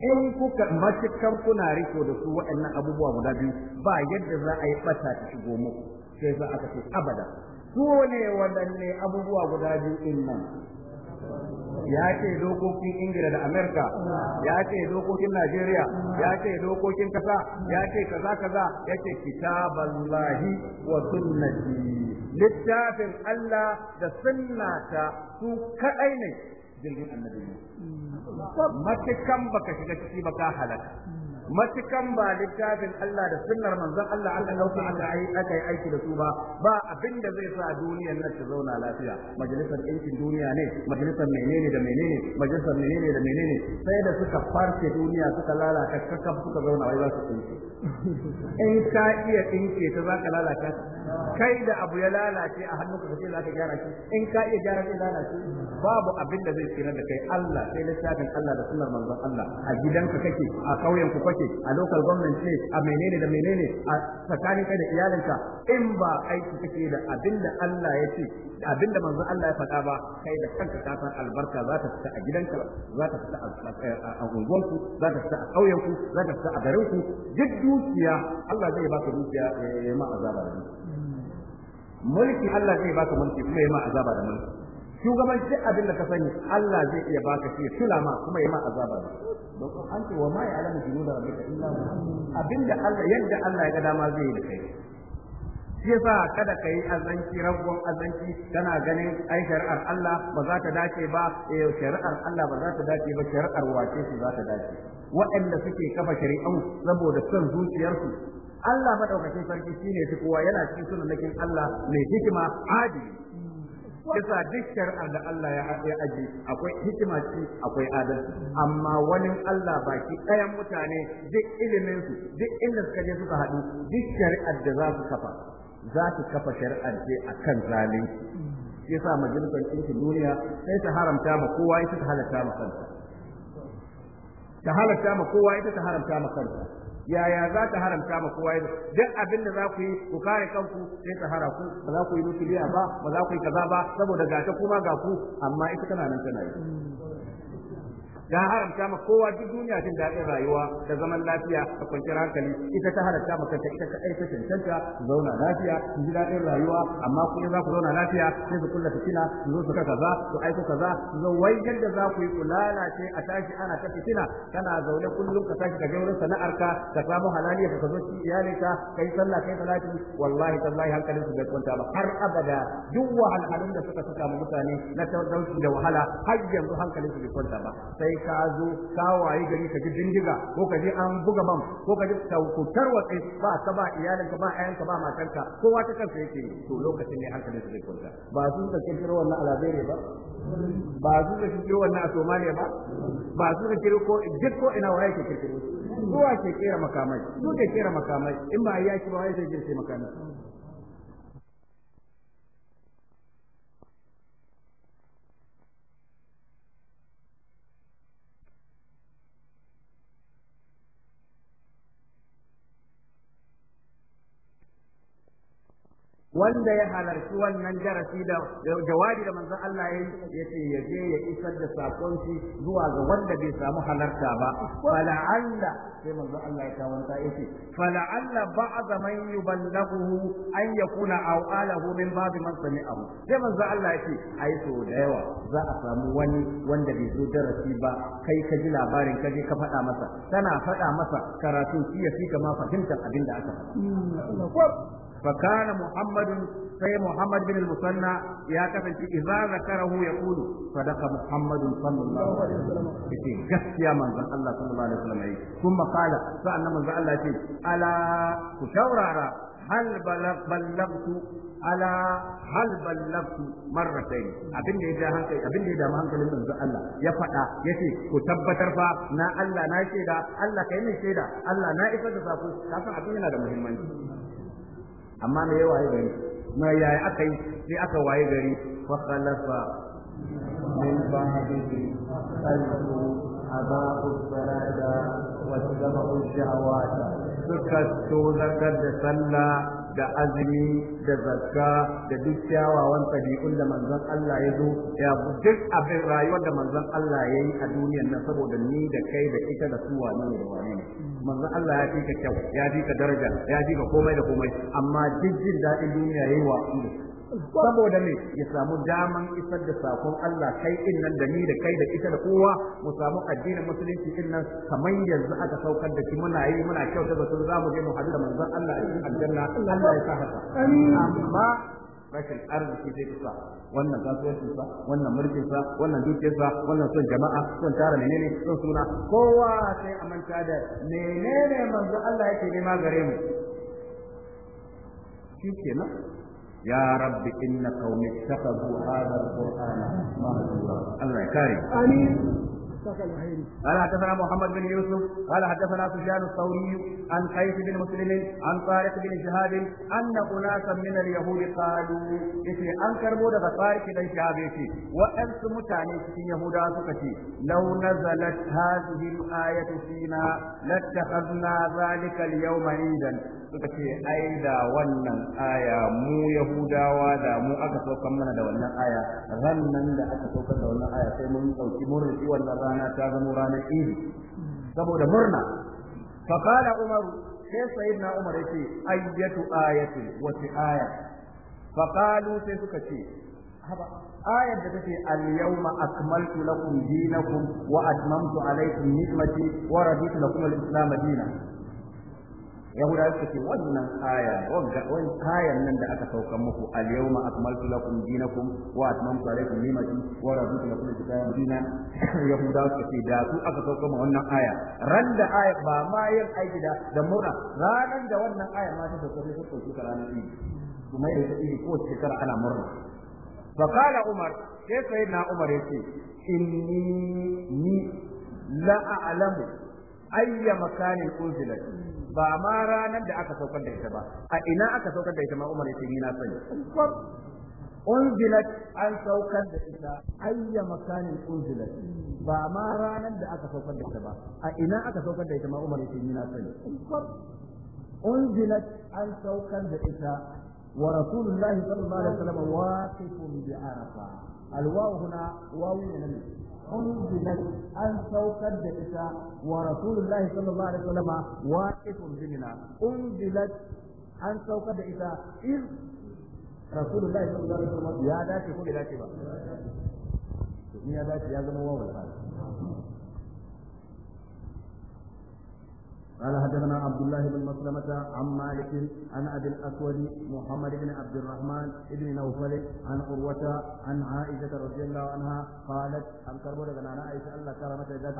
A: in kuka matukar kuna riko da su waɗannan abubuwa guda biyu ba yadda za a yi ɓata ta shigo muku sai za aka ce abada sune waɗanne abubuwa guda biyu din nan ya ce dokokin ingila da amerika ya ce dokokin najeriya ya ce dokokin kasa ya ce kaza kaza ya ce kitaballahi wa sunnati littafin allah da sunnata su kaɗai ne jirgin annabi matukan baka shiga ciki baka halaka matukan ba littafin Allah da sunnar manzon Allah Allah dauka Allah ai aka yi aiki da su ba ba abin da zai sa duniyar nan ta zauna lafiya majalisar ɗinkin duniya ne majalisar menene da menene majalisar menene da menene sai da suka farce duniya suka lalata kakkan suka zauna wai za su tsinke in ka iya tsinke ta za ka lalata kai da abu ya lalace a hannun ka sai zaka gyara shi in ka iya gyara zai lalace babu abin da zai tsira da kai Allah sai lissafin Allah da sunnar manzon Allah a gidanka kake a kauyen ku kake a local government ne a menene da menene a tsakanin kai da iyalinka in ba aiki kake da abin da Allah ya ce abin da manzon Allah ya faɗa ba kai da kanka ka san albarka za ta fita a gidanka za ta fita a ku za ta fita a ku za ta fita a garinku duk dukiya Allah zai baka dukiya ya ma azaba mulki Allah zai baka mulki kuma yayi ma azaba da mulki shugaban shi abinda ka sani Allah zai iya baka shi tula ma kuma yayi ma azaba da don an wa ma ya alamu da rabbika illa abinda Allah yadda Allah ya ga dama zai yi da kai shi yasa kada ka yi azanci rabbon azanci kana ganin ai shari'ar Allah ba za ta dace ba eh shari'ar Allah ba za ta dace ba shari'ar wace su za ta dace waɗanda suke kafa shari'an saboda son zuciyarsu Allah madaukakin sarki shine fi kowa yana cikin nakin Allah mai hikima adili kisa duk shari'ar da Allah ya haɗe aji akwai hikima ci akwai adalci amma wani Allah baki ɗayan mutane duk ilimin duk inda suka je suka haɗu duk shari'ar da za su kafa za su kafa shari'ar ce Ya zalunci yasa majalisar ɗinkin duniya sai ta haramta ma kowa ita ta halatta ma kanta ta halatta ma kowa ita ta haramta ma kanta yaya za ta haramta ba kowa yanzu duk abin da za ku yi ku kare kanku sai ta haraku, ku ba za ku yi nukiliya ba ba za ku yi kaza ba saboda ga ta kuma ga ku amma ita tana nan tana yi ya haramta ma kowa duk duniya jin daɗin rayuwa da zaman lafiya da kwanciyar hankali ita ta halatta ma kanta ita kaɗai ta cancanta su zauna lafiya su ji daɗin rayuwa amma ku za ku zauna lafiya sai su kulla fitina su zo su ka kaza su aiko kaza su zo wai yadda za ku yi ku lalace a tashi ana ta fitina kana zaune kullum ka tashi ka je wurin sana'arka ka samu halaliya ka zo ci iyalinka kai sallah kai salati wallahi tallahi hankalin su bai kwanta ba har abada duk wahalhalun da suka saka mutane na talauci da wahala har yanzu hankalin su bai kwanta ba sai kai ka zo ka waye gari ka ji dindiga ko ka ji an buga bam ko ka ji saukutar kai ba ka ba iyalinka ba ka ba ka kowa ta kansa yake to lokacin ne hankalin su zai kwanta ba su da kirkiro wannan alabere ba ba su da kirkiro wannan a Somalia ba ba su da kirkiro ko duk ko ina waye ke kirkiro kowa ke kera makamai su ke kera makamai in ba ya ki ba waye zai kirkiro makamai wanda ya halarci wannan darasi da jawabi da manzon Allah ya yace ya je ya isar da sakon shi zuwa ga wanda bai samu halarta ba fala'alla sai manzon Allah ya kawanta yace fala'alla ba'd man yuballighu an yakuna alahu min ba'd man sami'ahu sai manzon Allah yace ai so da yawa za a samu wani wanda bai zo darasi ba kai ka ji labarin ka je ka faɗa masa kana faɗa masa karatu shi ya fi kama fahimtar abin da aka faɗa hmm. فكان محمد سي محمد بن المثنى يا كفن إذا ذكره يقول صدق محمد صلى الله عليه وسلم جس يا من الله صلى الله عليه وسلم ثم قال فأنا من الله ألا تشورع هل بلغ بلغت ala hal ballagtu marratayn abin da ya ja hankali abin da ya dama hankalin Allah ya faɗa yace ku tabbatar fa na Allah na shaida Allah kai ne shaida Allah na isar da sako kafin abin yana da muhimmanci amma me ya waye gari ma yaya aka yi sai aka waye gari fa khalafa min ba'dihi khalfu aba usrada wa tabu ash-shawata suka zakar da salla da azumi da zakka da duk kyawawan ɗabi'un da manzon Allah ya zo ya duk abin rayuwar da manzon Allah ya yi a duniyar nan saboda ni da kai da ita da su wani da wani manzon Allah ya fi ka kyau ya fi ka daraja ya fi ka komai da komai amma duk jin daɗin duniya yi wa saboda me ya samu daman isar da sakon Allah kai in nan da ni da kai da ita da kowa mu samu addinin musulunci in nan kamar yanzu aka saukar da shi muna yi muna kyauta batun zamu je mu hadu da manzon Allah a cikin aljanna Allah ya sa haka amma rashin arziki sai kusa wannan kasuwancin sa wannan mulkin sa wannan dukiyar sa wannan son jama'a son tara menene son suna kowa sai a manta da menene manzo Allah yake nema gare mu shi kenan ya rabbi inna qaumi ittakhadhu hadha alqur'ana mahjura Allah ya kare amin قال حدثنا محمد بن يوسف قال حدثنا سفيان الثوري عن قيس بن مسلم عن طارق بن شهاب ان اناسا من اليهود قالوا اتي انكر بودا طارق بن شهاب وانس متاني في يهودا سكتي لو نزلت هذه الايه فينا لاتخذنا ذلك اليوم عيدا suka ce ai da wannan aya mu yahudawa da mu aka saukar mana da wannan aya rannan da aka saukar da wannan aya sai mun sauki murna, rufi wannan rana ta zama ranar idi saboda murna fa qala umaru sai sayyidina umar yace ayyatu ayatu wati aya fa sai suka ce haba ayar da take al-yawma akmaltu lakum dinakum wa atmamtu alaykum ni'mati wa raditu lakum al-islam dinan yahudawa suka ce wannan aya wannan ayan nan da aka saukan muku al yawma akmaltu lakum dinakum wa atmamtu alaykum ni'mati wa raditu lakum al-islam dinan yahudawa suka ce da su aka saukan mu wannan aya ran da aya ba ma yin aiki da da mura ranan da wannan aya ma ta sauka sai su ɗauki ranar idi kuma yake idi ko shekara ana murna fa qala umar sai sayyidina umar yace inni ni la a'lamu ayya makanin unzilat ba ma ranar da aka saukar da ita ba a ina aka saukar da ita ma Umar yace ni na sani unzilat an saukar da ita ayya makanin unzilat ba ma ranar da aka saukar da ita ba a ina aka saukar da ita ma Umar yace ni na sani unzilat an saukar da ita wa rasulullahi sallallahu alaihi wasallam waqifun bi arafa alwaw huna waw min unzilat an saukar da ita wa rasulullahi sallallahu alaihi wasallama waqifun bina unzilat an saukar da ita in rasulullahi sallallahu ya dace ko bai dace ba in ya dace ya zama wawan fara قال حدثنا عبد الله بن مسلمة عن مالك عن أبي الأسود محمد بن عبد الرحمن بن نوفل عن عروة عن عائشة رضي الله عنها قالت عن كربلاء عن عائشة الله كرمت ذات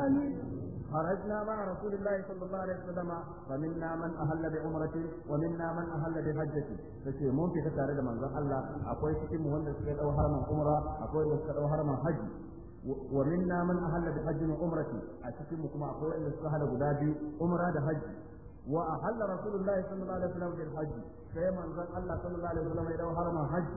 A: خرجنا مع رسول الله صلى الله عليه وسلم فمنا من أهل بعمرة ومنا من أهل بحجة فشي ممكن تتعرض من الله أقوي سكي مهندس كي أو حرم عمرة أقوي وسكي أو حرم حج ومنا من أهل بحج وعمرة أتكلم كما أقول أن السهل غدابي عمرة حج وأهل رسول الله صلى الله عليه وسلم بالحج كما أنزل الله صلى الله عليه وسلم إلى حرم حج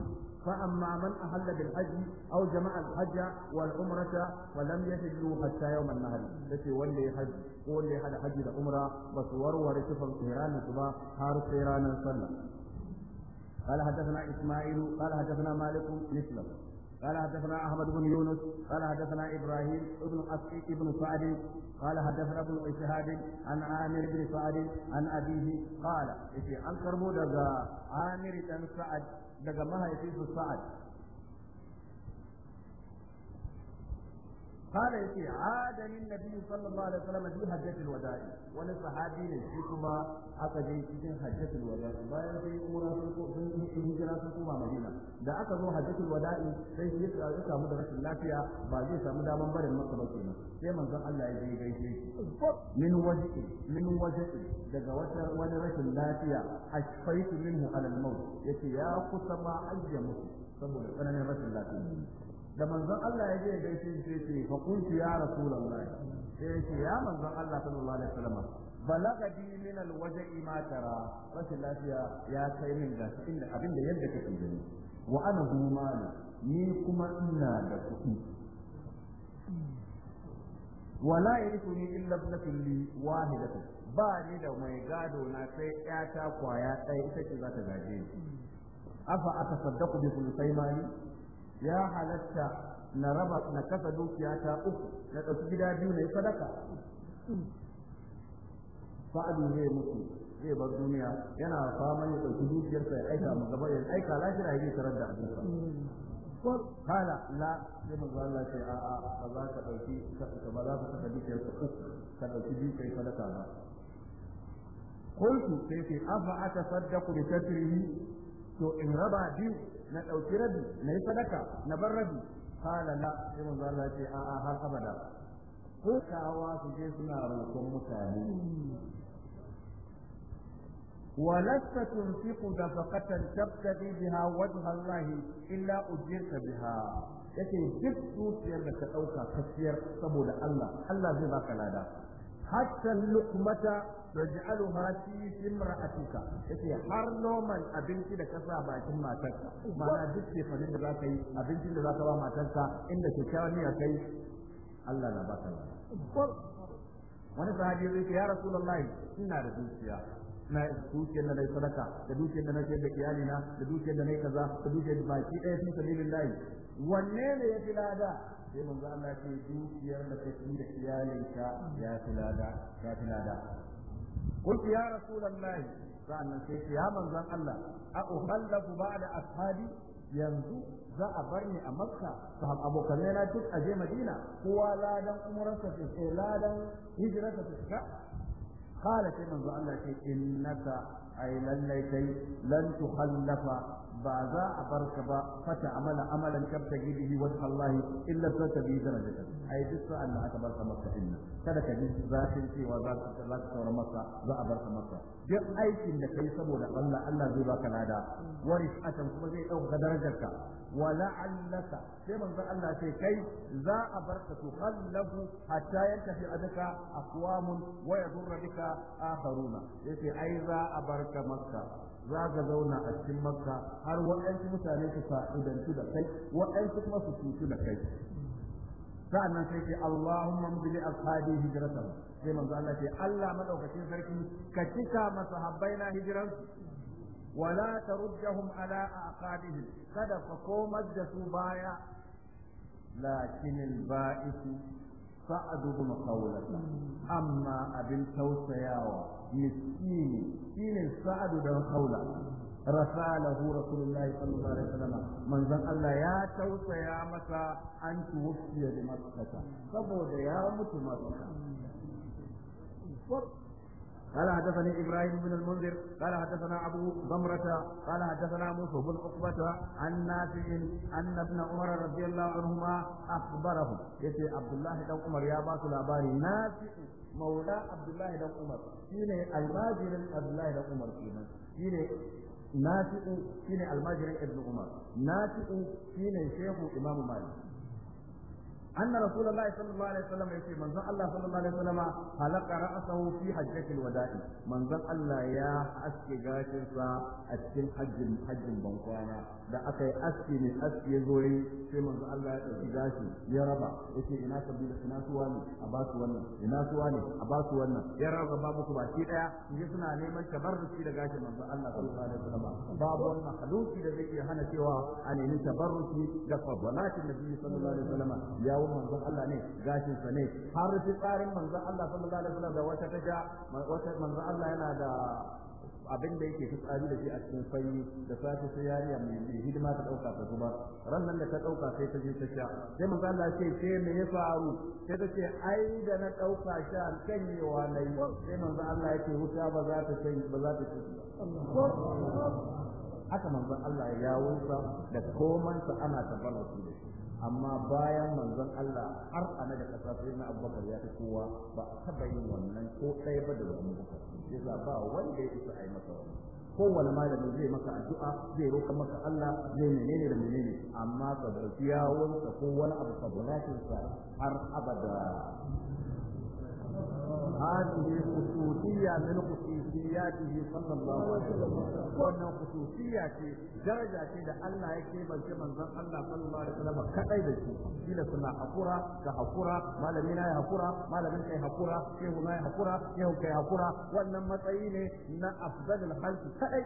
A: فأما من أهل بالحج أو جمع الحج والعمرة فلم يحجوا حتى يوم النهر التي ولي حج ولي هذا حج العمرة بس ورور سفر إيران صباح حارس إيران صلى قال حدثنا إسماعيل قال حدثنا مالك مثله قال حدثنا احمد بن يونس قال حدثنا ابراهيم بن اسقي بن سعد قال حدثنا ابن اسهاب عن عامر بن سعد عن ابيه قال في انكر مدغا عامر بن سعد daga mahaifinsu sa'ad قال يتي عاد للنبي صلى الله عليه وسلم في حجة الوداع ولا صحابي ne shi kuma aka je cikin hajjatul wada bayan sai umra sun ko sun yi hijira da aka zo hajjatul wada sai shi samu da rashin lafiya ba zai samu daman barin Makka ba kenan sai manzon Allah ya je gaishe shi min wajhi min daga wata wani rashin lafiya ashfaitu minhu ala al-maut yace ya kusa ma ayyamu saboda tsananin rashin lafiya da manzon Allah ya je gaishe shi sai fa kuntu ya rasulullahi sai ce ya manzon Allah sallallahu alaihi wasallam balagadi min alwaja'i ma tara rashin lafiya ya kai min ga cikin abin da yadda kake gani wa ana humani ni kuma ina da kuɗi wala ni illa ibnatun li wahidatun ba ni da mai gado na sai ƴata kwaya ɗaya ita ce za ta gaje ni afa saddaku bi kulli saymani ya halatta na raba na kasa dukiya ta uku na ɗauki gida biyu na yi sadaka fa'adu zai mutu zai bar duniya yana fama ya ɗauki dukiyarsa ya aika mu gaba ya aika lafiya ya tarar da abinsa kala la sai manzo Allah ce a a ba za ka ɗauki ka ba za ka saka dukiyarsa uku ka ɗauki biyu kai sadaka ba قلت سيتي أفأتصدق بستره تو إن raba biyu. na ɗauki rabi na yi sadaka na bar rabi kala na sai manzo Allah ce a har abada ko kawa su je suna roƙon mutane ولست تنفق نفقة تبتغي بها وجه الله illa biha بها yake duk zuciyar da ta ɗauka ka siyar saboda Allah Allah zai baka lada hatta luqmata To taj'aluha fi imra'atika yace har noman abinci da kasa bakin matarka ma'ana duk cefanin da za ka yi abincin da za ka ba matarka inda kyakkyawar niyya kai Allah na baka wani sahabi zai ce ya rasulullahi ina da zuciya na dukiyar da na sadaka da dukiyar da na sayar da iyali na da dukiyar da na kaza da dukiyar da baki ɗaya fi sabilillahi wanne ne ya fi lada sai manzo Allah ce dukiyar da kake da iyalinka ya fi lada ya fi lada قلت يا رسول الله فأنا يا من ذا الله أخلف بعد أصحابي yanzu za a bar ni a makka sahab abokanai na duk aje madina kowa ladan umrarsa ce ce ladan hijirarsa ta shiga qala sai manzo Allah ce innaka ay lallai kai lan ba za a barka ba fata amala amalan kabta gidihi wa Allah illa sa ta bi darajata ai duk sa'an da aka barka maka inna kada ka ji zafin cewa za ka za ka saura maka za a barka maka duk aikin da kai saboda Allah Allah zai baka lada wa rifatan kuma zai dauka darajarka wala la'allaka sai manzo Allah sai kai za a barka tukhallafu hatta yantafi adaka aqwamun wa yadurra bika akharuna yace ai za a barka maka za ka zauna a cikin makka har waɗansu mutane su fa'idantu da kai waɗansu kuma su cutu da kai sa'annan sai ce Allahumma mudli ashabi hijratan sai manzo Allah ce Allah madaukakin sarki ka cika Habbaina na hijiransu wala tarujjahum ala aqabihim kada ka komar da su baya lakin al-ba'is sa'adu bi maqawlati amma abin tausayawa miskini shine sa'adu da kaula رساله رسول الله صلى الله عليه وسلم من ذن الله يا توسى يا متى أن توفي بمكة فبود يا مت مكة قال حدثني ابراهيم بن المنذر قال حدثنا ابو ضمرة قال حدثنا موسى بن عقبة عن نافع ان ابن عمر رضي الله عنهما اخبره يتي عبد الله بن عمر يا باس الاباري نافع مولى عبد الله بن عمر shine almajirin Abdullahi da Umar kenan shine nafi'u shine almajirin Ibn Umar nafi'u shine shehu Imam Malik أن رسول الله صلى الله عليه وسلم يقول من ذا الله صلى الله عليه وسلم حلق رأسه في حجة الوداع من ذا الله يا أسكي غاشنسا أسكي حج حج بنقوانا da aka yi aski ne aski ya zo yi sai Allah ya ɗauki gashi ya raba yace ina kabila ina suwa ne a wannan ina suwa ne a wannan ya raba ba muku baki daya yaje suna neman tabarruki da gashi manzo Allah sallallahu alaihi wasallam babu wani makhluki da zai iya hana cewa a nemi da fadlatin nabi alaihi ya yawun manzon Allah ne gashin sa ne har tsarin manzon Allah sallallahu alaihi wasallam da wata taja wata manzon Allah yana da abin da yake fitsari da shi a cikin fanni da safe sai yariya mai hidima ta dauka ta zuba ran nan da ta dauka sai ta je ta sha sai manzo Allah ce ce me ya faru sai ta ce ai da na dauka sha kan yawa yi, sai manzo Allah yake huta ba za ta sai ba za ta ci haka manzo Allah ya sa da komansa ana tabbata da shi amma bayan manzon Allah har ana da kasa sai na abubakar ya fi kowa ba a taba yin wannan ko ɗaya ba da wani ya yasa ba wanda ya isa a yi masa ba kowane malami zai maka addu'a zai roƙa maka Allah zai menene da menene amma ka da yawon ka ko abu ka bulatin har abada هذه خصوصية من خصوصياته صلى الله عليه وسلم وأن خصوصية درجة كده الله يكيب الجمل ذا الله صلى الله عليه وسلم كأي بشي كده سنة حفرة كحفرة ما لمنا يحفرة ما لمن كي حفرة كيه ما يحفرة كيه كي حفرة وأن مطيني من أفضل الخلق كأي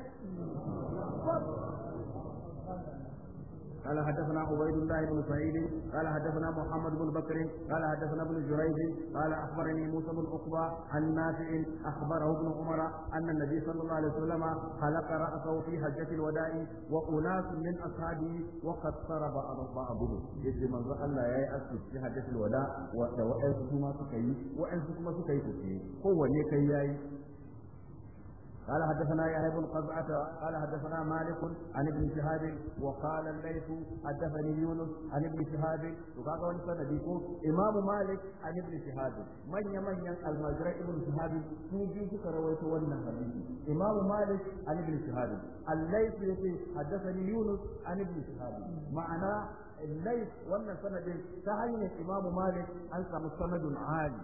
A: قال حدثنا عبيد الله بن سعيد قال حدثنا محمد بن بكر قال حدثنا ابن جريج قال اخبرني موسى بن عقبه عن نافع اخبره ابن عمر ان النبي صلى الله عليه وسلم خلق راسه في حجه الوداع واناس من اصحابه وقد صار بعضهم يجي من الله يا اسس في حجه الوداع وانس ما سكاي وانس ما سكاي كوي kowanne kai yayi قال حدثنا يحيى بن قزعة قال حدثنا مالك عن ابن شهاب وقال الليث حدثني يونس عن ابن شهاب وقال وان صدقوا امام مالك عن ابن شهاب من يمن المجرى ابن شهاب سوجي سكر ويتولى حديث امام مالك عن ابن شهاب الليث يقول حدثني يونس عن ابن شهاب معناه الليث وان سند ta hanyar imamu malik an samu sanadun ali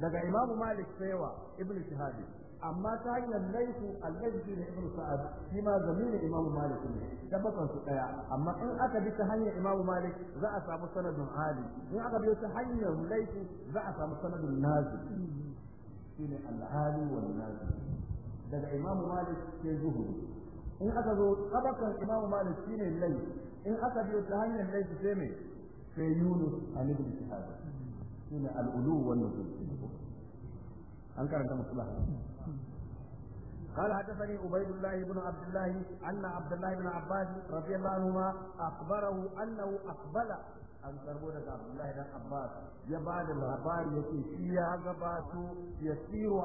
A: daga Imam Malik saiwa Ibn shahabi amma ta hanyar laifu al da ne Sa'ad shi ma zamirin Imam Malik ne tabbatan su daya amma in aka bi ta hanyar Imam Malik za a samu sanadin Ali in aka bi ta hanyar laifu za a samu sanadin Nazi shine al-Ali wal Nazi daga Imam Malik sai zuhuri in aka zo tabbatan Imam Malik shine laifu in aka bi ta hanyar laifu sai me sai Yunus an ibn shine al-ulu wal nuzul an karanta musulah قال حدثني عبيد الله بن عبد الله عبد الله بن عباس رضي الله عنهما an karbo daga Abdullahi ya ba da labari yake shi ya gabato ya tsiro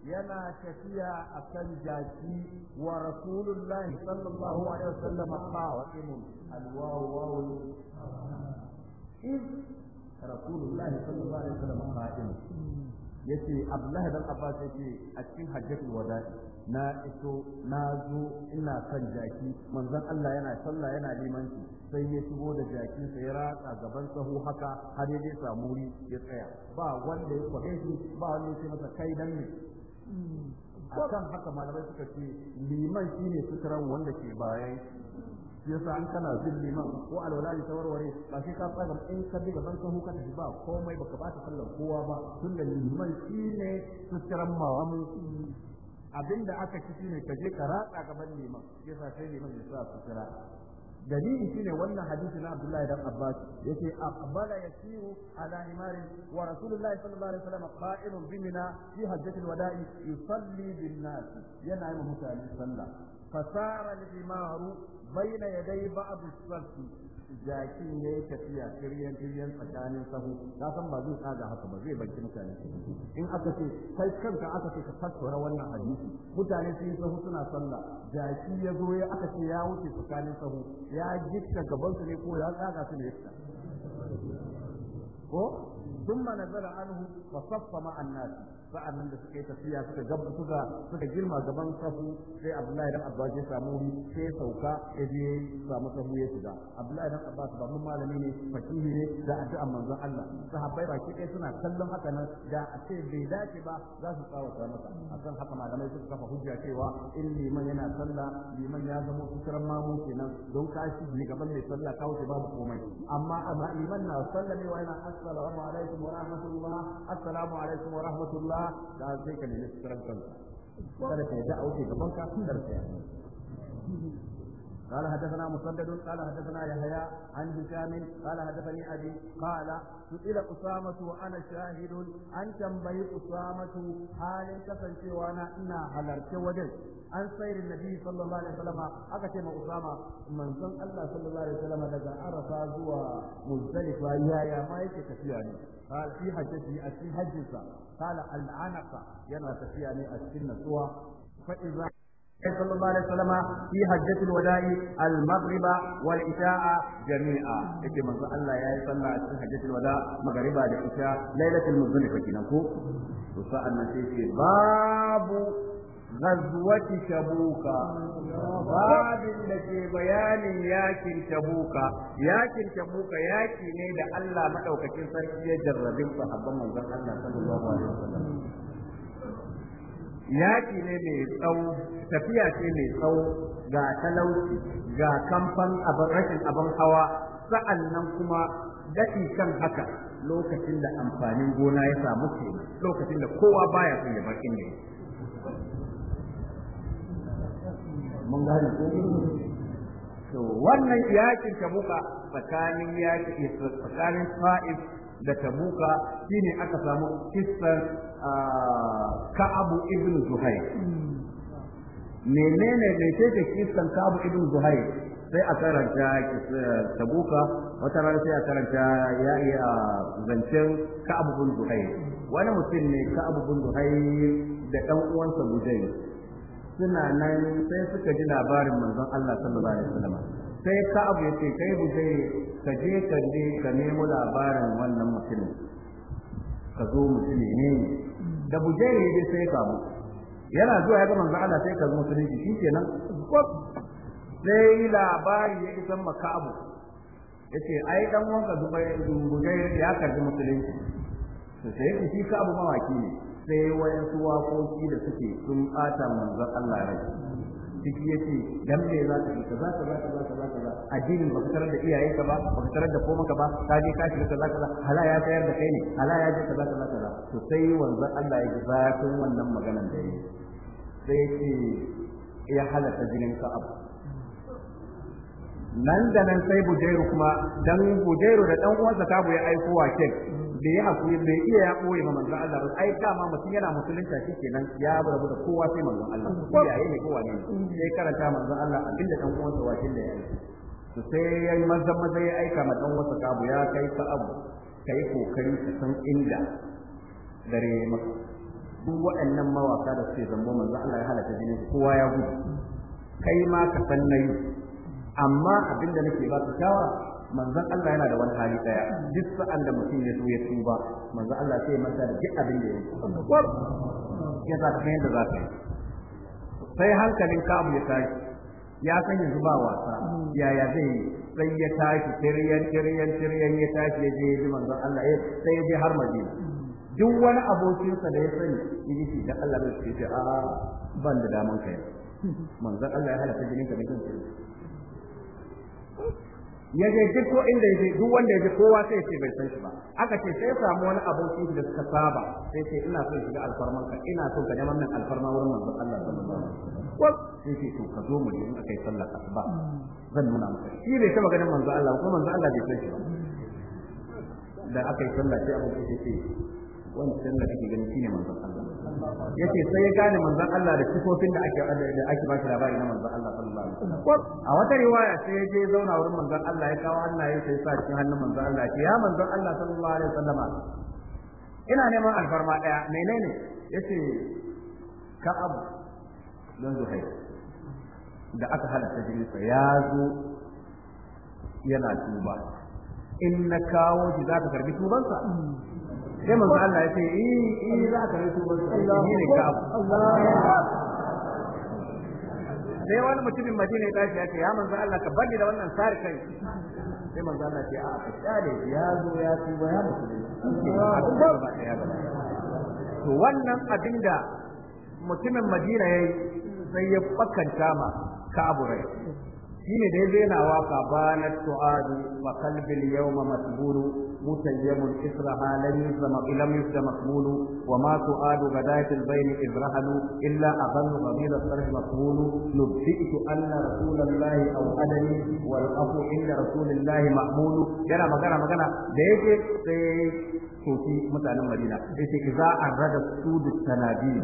A: yana tafiya a kan jaki wa rasulullahi sallallahu rasulullahi sallallahu alaihi wasallam qa'im yace abdullahi dan abbas yace a cikin hajjatul wada'i na iso na zo ina kan jaki manzon Allah yana sallah yana limanci sai ya shigo da jakin sa ya ratsa gaban sahu haka har ya samu wuri ya tsaya ba wanda ya kwafe shi ba wanda ya ce masa kai dan ne hmm. akan haka malamai suka ce liman shine suturan wanda ke bayan yasa an kana jin liman ko alwala ne tawarware ba shi ka tsaya in ka bi gaban sahu ka tafi ba komai baka ba ta sallar kowa ba tunda liman shi ne mawa mawamu abinda aka ci shine ka je ka ratsa gaban liman shi yasa sai liman ya sa sutura dalili shine wannan hadisi na Abdullah ibn Abbas yace aqbala yasiru ala himari wa Rasulullah sallallahu alaihi wasallam qa'imun bi fi hajjati wadai. yusalli bin nas yana yi mutane sallah fasara al-himaru baina ya dai ba abu sarki jakin ya yi tafiya kiryan kiryan tsakanin sahu ka san ba zai tsaga haka ba zai banki mutane in aka ce kai kanka aka ce ka fassara wannan hadisi mutane sun yi sahu suna sallah jaki ya zo ya aka ce ya wuce tsakanin sahu ya gitta gaban su ne ko ya tsaga su ne ko nazara anhu عنه فصف ma'an nasi sa'annan da suka yi tafiya suka gaba suka suka girma gaban sahu sai Abdullahi dan Abbas ya samu wuri sai sauka ya je samu sahu ya shiga Abdullahi dan Abbas babban malami ne fakihi ne da addu'an manzon Allah sahabbai baki ɗaya suna kallon haka nan da a ce bai dace ba za su tsawata masa akan haka malamai suka kafa hujja cewa in liman yana sallah liman ya zama kusuran mamu kenan don ka shi ne gaban mai sallah ka wuce babu komai amma amma liman na sallamewa yana assalamu alaikum wa rahmatullah assalamu alaikum wa rahmatullah da sai ka nemi sutaran kanka kada ka yadda a wuce gaban ka da ka قال حدثنا مسدد قال حدثنا يحيى عن هشام قال حدثني ابي قال سئل أسامة وأنا شاهد أن تنبي أسامة حال كفنتي وأنا إنا حلرت وجل an sayar nabi sallallahu alaihi wasallam aka ce ma usama manzon Allah صلى الله عليه daga arasa zuwa muzdalifa yaya ma ما tafiya ne قال في حجته في حجسة قال العنقة ينا تفيعني السنة سوى فإذا صلى الله عليه وسلم في حجة الوداع المغرب والعشاء جميعا yake manzo Allah ya yi sallah a cikin hajjatul wada magariba da isha lailatul muzdalifa kinan ko to sai babu غزوة تبوك باب الذي بيان buka تبوك ياكن تبوك ياكن نيد الله مدوك كن سرقية جربين صحابة من ذلك الله صلى الله عليه وسلم yaki ne mai tsawo tafiya ce mai tsawo ga talauci ga kamfan rashin abin hawa sa'an nan kuma daɗi kan haka lokacin da amfanin gona ya samu ke lokacin da kowa baya son ya bar inda mun gane ko to wannan yakin tabuka tsakanin yakin tsakanin fa'if da tabuka shine aka samu kissar ka'abu ibn zuhayr menene ne ce ke kissan ka'abu ibn zuhayr sai a karanta tabuka wata rana sai a karanta ya iya zancen ka'abu ibn zuhayr wani mutum ne ka'abu ibn zuhayr da dan uwansa gudai suna nan sai suka ji labarin manzon Allah sallallahu alaihi wasallam sai ka abu yace kai bu sai ka je ka je ka nemo labarin wannan mutumin ka zo mutumin ne da buje ne sai ka mu yana zuwa ya ga manzon Allah sai ka zo shi kenan sai labari ya isa maka abu yace ai dan wanka zubai buje ya karbi musulunci to sai shi ka abu mawaki ne sai wayansu waƙoƙi da suke sun ɓata manzon Allah rai ya ce, dan me za ka ka ka za, za, ka za, ka za. A addinin ba tarar da iyaye ka ba ba tarar da koma ka ba ka je ka shiga ka kaza hala ya tsayar da kai ne hala ya je za ka za to sai wanzan Allah ya ji zafin wannan maganan da yi sai ya halatta jinin Ka'ab nan da nan sai Bujairu kuma dan Bujairu da dan uwansa Kabu ya aiko kek da ya hakuri bai iya ya ɓoye ma manzon Allah ba ai dama mutum yana musulunta kenan ya rabu da kowa sai manzon Allah ko yayi ne ko wani sai karanta manzon Allah abinda dan uwansa wakin da yi. to sai yi manzon maza ya aika ma dan wasa kabu ya kai ka abu kai kokari ka san inda dare maka duk waɗannan mawaka da suke zambo manzon Allah ya halaka jinin kowa ya gudu kai ma ka san nayi amma abinda nake ba ka shawara manzon Allah yana da wani hali daya duk sa'an da mutum ya ya tuba manzon Allah sai ya manta da duk abin da ya yi ya zata, ka yadda za ka yi sai hankalin kabu ya tashi ya san yanzu ba wasa yaya zai yi sai ya tashi tiryan tiryan tiryan ya tashi ya je ya ji manzon Allah eh, sai ya je har Madina duk wani abokinsa da ya sani ya ji da Allah bai ce a ban da daman kai manzon Allah ya halaka jinin ka da kanka ya je duk ko inda ya duk wanda ya je kowa sai ce bai san shi ba aka ce sai samu wani abokin da suka saba sai ce ina son shiga alfarman ka ina son ka neman min alfarma wurin manzon Allah sallallahu alaihi wasallam sai ce to ka zo mu je in akai sallar asuba zan nuna maka shi bai taba ganin manzon Allah ko manzon Allah bai san shi ba da akai sallah sai abokin sai ce wannan sallar da kake ganin shine manzon Allah yace sai ya gane manzon Allah da sifofin da ake da ake ba labari na manzon Allah sallallahu alaihi wasallam a wata riwaya sai ya je zauna wurin manzon Allah ya kawo hannaye sai sa cikin hannun manzon Allah ya manzon Allah sallallahu alaihi wasallama ina neman alfarma daya menene yace ka'ab don zuhai da aka halatta sa ya zo yana tuba in na kawo shi za ka karbi tubansa sai manzo Allah ya ce in eh, eh, za ka rasu ba shi ne ka sai wani mutumin Madina ya tashi ya ce ya manzo Allah ka bani da wannan sari kai sai manzo Allah ya ce a ah, ka tsare ya zo ya tuba ya musulmi to wannan abinda mutumin Madina yayi sai ya bakanta ma ka abu rai shine da ya zaina waka na tu'adu wa qalbi al-yawma masbulu mutayyam al-israha lam yusma lam masbulu wa ma tu'adu gadat al-bayn ibrahalu illa aqallu qabil al-sarh masbulu nubtitu anna rasulullahi aw adani wal afu inda rasulullahi ma'mulu yana magana magana da yake sai soki mutanen madina sai ki za a rada su da tanabi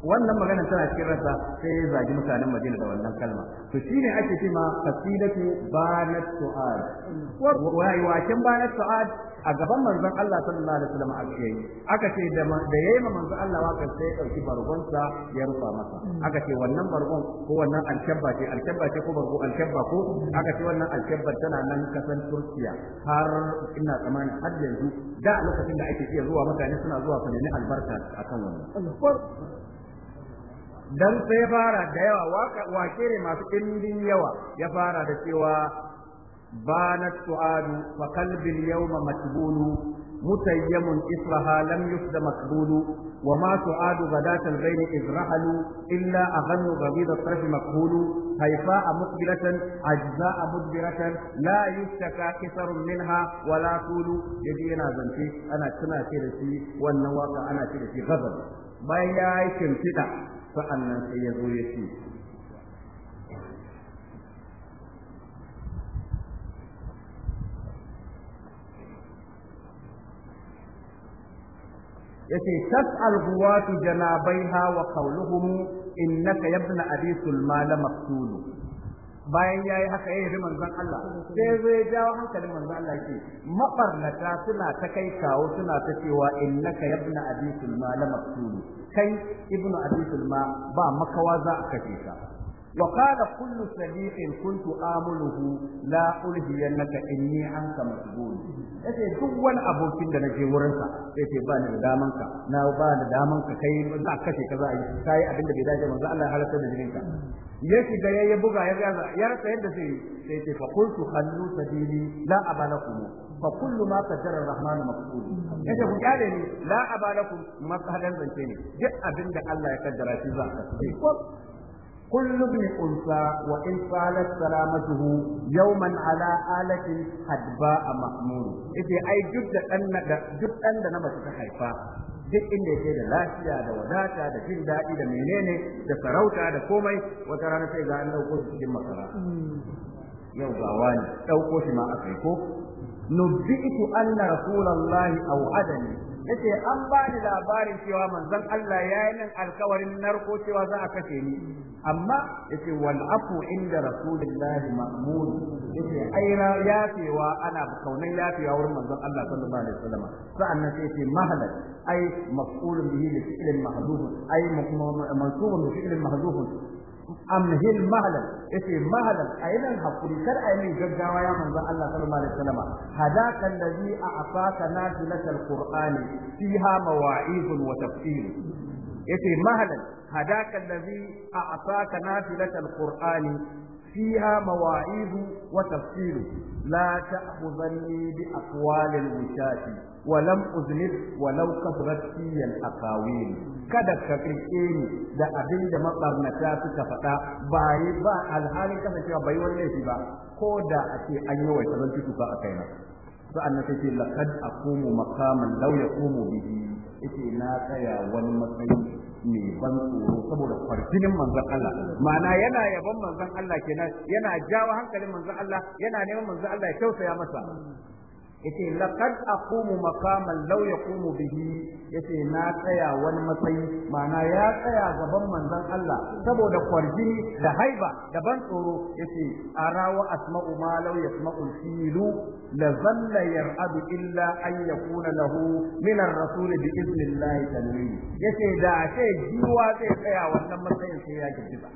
A: wannan magana tana cikin rasa sai ya zagi mutanen Madina da wannan kalma to shine ake ce ma qasidatu banat su'ad wai waken banat su'ad a gaban manzon Allah sallallahu alaihi wasallam a ce aka ce da da yayi ma manzon Allah waka sai ya dauki bargonsa ya rufa masa aka ce wannan bargon ko wannan alkabba ce alkabba ce ko bargo alkabba ko aka ce wannan alkabba tana nan kasan Turkiya har ina tsammani, har yanzu da lokacin da ake iya zuwa mutane suna zuwa su nemi albarka akan wannan dan sai fara da yawa wake ne masu ɗimbin yawa ya fara da cewa banat su'adu fa qalbi al-yawma matbulu mutayyamun israha lam da maqbulu wa ma su'adu ghadat al-bayn izrahalu illa aghannu ghabid al-tarf maqbulu hayfa'a muqbilatan a mudbiratan la yustaka kisarun minha wa la tulu yaji yana zance ana tuna ce da shi wannan waka ana ce da shi ghazal bayan ya yi shimfiɗa sa'an nan sai ya zo ya ce yace tas'al huwatu janabaiha wa qawluhum innaka yabna abi sulma bayan yayi haka yayi manzon Allah sai zai ya jawo hankalin manzon Allah ke. mafarnata suna ta kai kawo suna ta cewa innaka yabna abi sulma la maktulu kai ibnu abi sulma ba makawa za a kashe ka وقال كل صديق كنت آمله لا ألهينك إني عنك مسجون yace duk wani abokin da nake wurinsa sai ce ba ni da daman ka na ba da daman ka kai za ka ce kaza yi kai abin da bai dace manzo Allah ya halatta da jinin ka ya shiga yayi buga ya gaza ya yadda sai sai fa qultu khallu sabili la abalakum fa rahman maqbul yace ku kyale ni la zance ne duk abin da Allah ya kaddara shi za كل ابن أنثى وإن طالت سلامته يوما على آلة حدباء مأمون إذا أي جد أن جد أن نمت تحيفا duk inda yake da lafiya da wadata da jin daɗi da menene da sarauta da komai wata rana sai ga an ɗauko shi cikin makara yau ga wani ɗauko shi ma aka yi ko nubbi'tu anna a au'adani yace an bani labarin cewa manzon Allah ya yi nan alkawarin narko cewa za a kashe ni amma yace wal afu inda rasulullahi ma'mun yace ya yafewa ana kaunan yafewa wurin manzon Allah sallallahu alaihi wasallam sa'annan sai yace mahalat ai maf'ulun bihi li fi'lin mahdhuf ai mansubun bi fi'lin mahdhuf amhil mahalan yace mahalan ayinan hakuri kar ayi min gaggawa ya manzon Allah sallallahu alaihi wasallam hadaka allazi a'taka nazilatal qur'ani fiha mawa'izun wa tafsir yace mahalan hadaka allazi a'taka nazilatal qur'ani فيها مواعيد وتفصيل لا تأخذني بأقوال الوشاة ولم أذنب ولو كثرت في الأقاويل kada ka kirke ni da abin da mabarnata suka faɗa ba yi ba alhalin kasancewa bai wani laifi ba ko da a ce an yi wai sabon ba a kai kaina sa'an nan sai laqad aqumu maqaman law yaqumu bihi yace na tsaya wani matsayi mai ban tsoro saboda kwarjinin manzon Allah ma'ana yana yaban manzon Allah kenan yana jawo hankalin manzon Allah yana neman manzon Allah ya tausaya masa yace laqad aqumu maqaman law yaqumu bihi yace na tsaya wani matsayi mana ya tsaya gaban manzon Allah saboda kwarjini da haiba da ban tsoro yace arawa asma'u ma law yasma'u filu la zalla yar'adu illa an yakuna lahu min ar-rasul bi idnillahi tanwin yace da ce jiwa zai tsaya wannan matsayin sai ya gijiba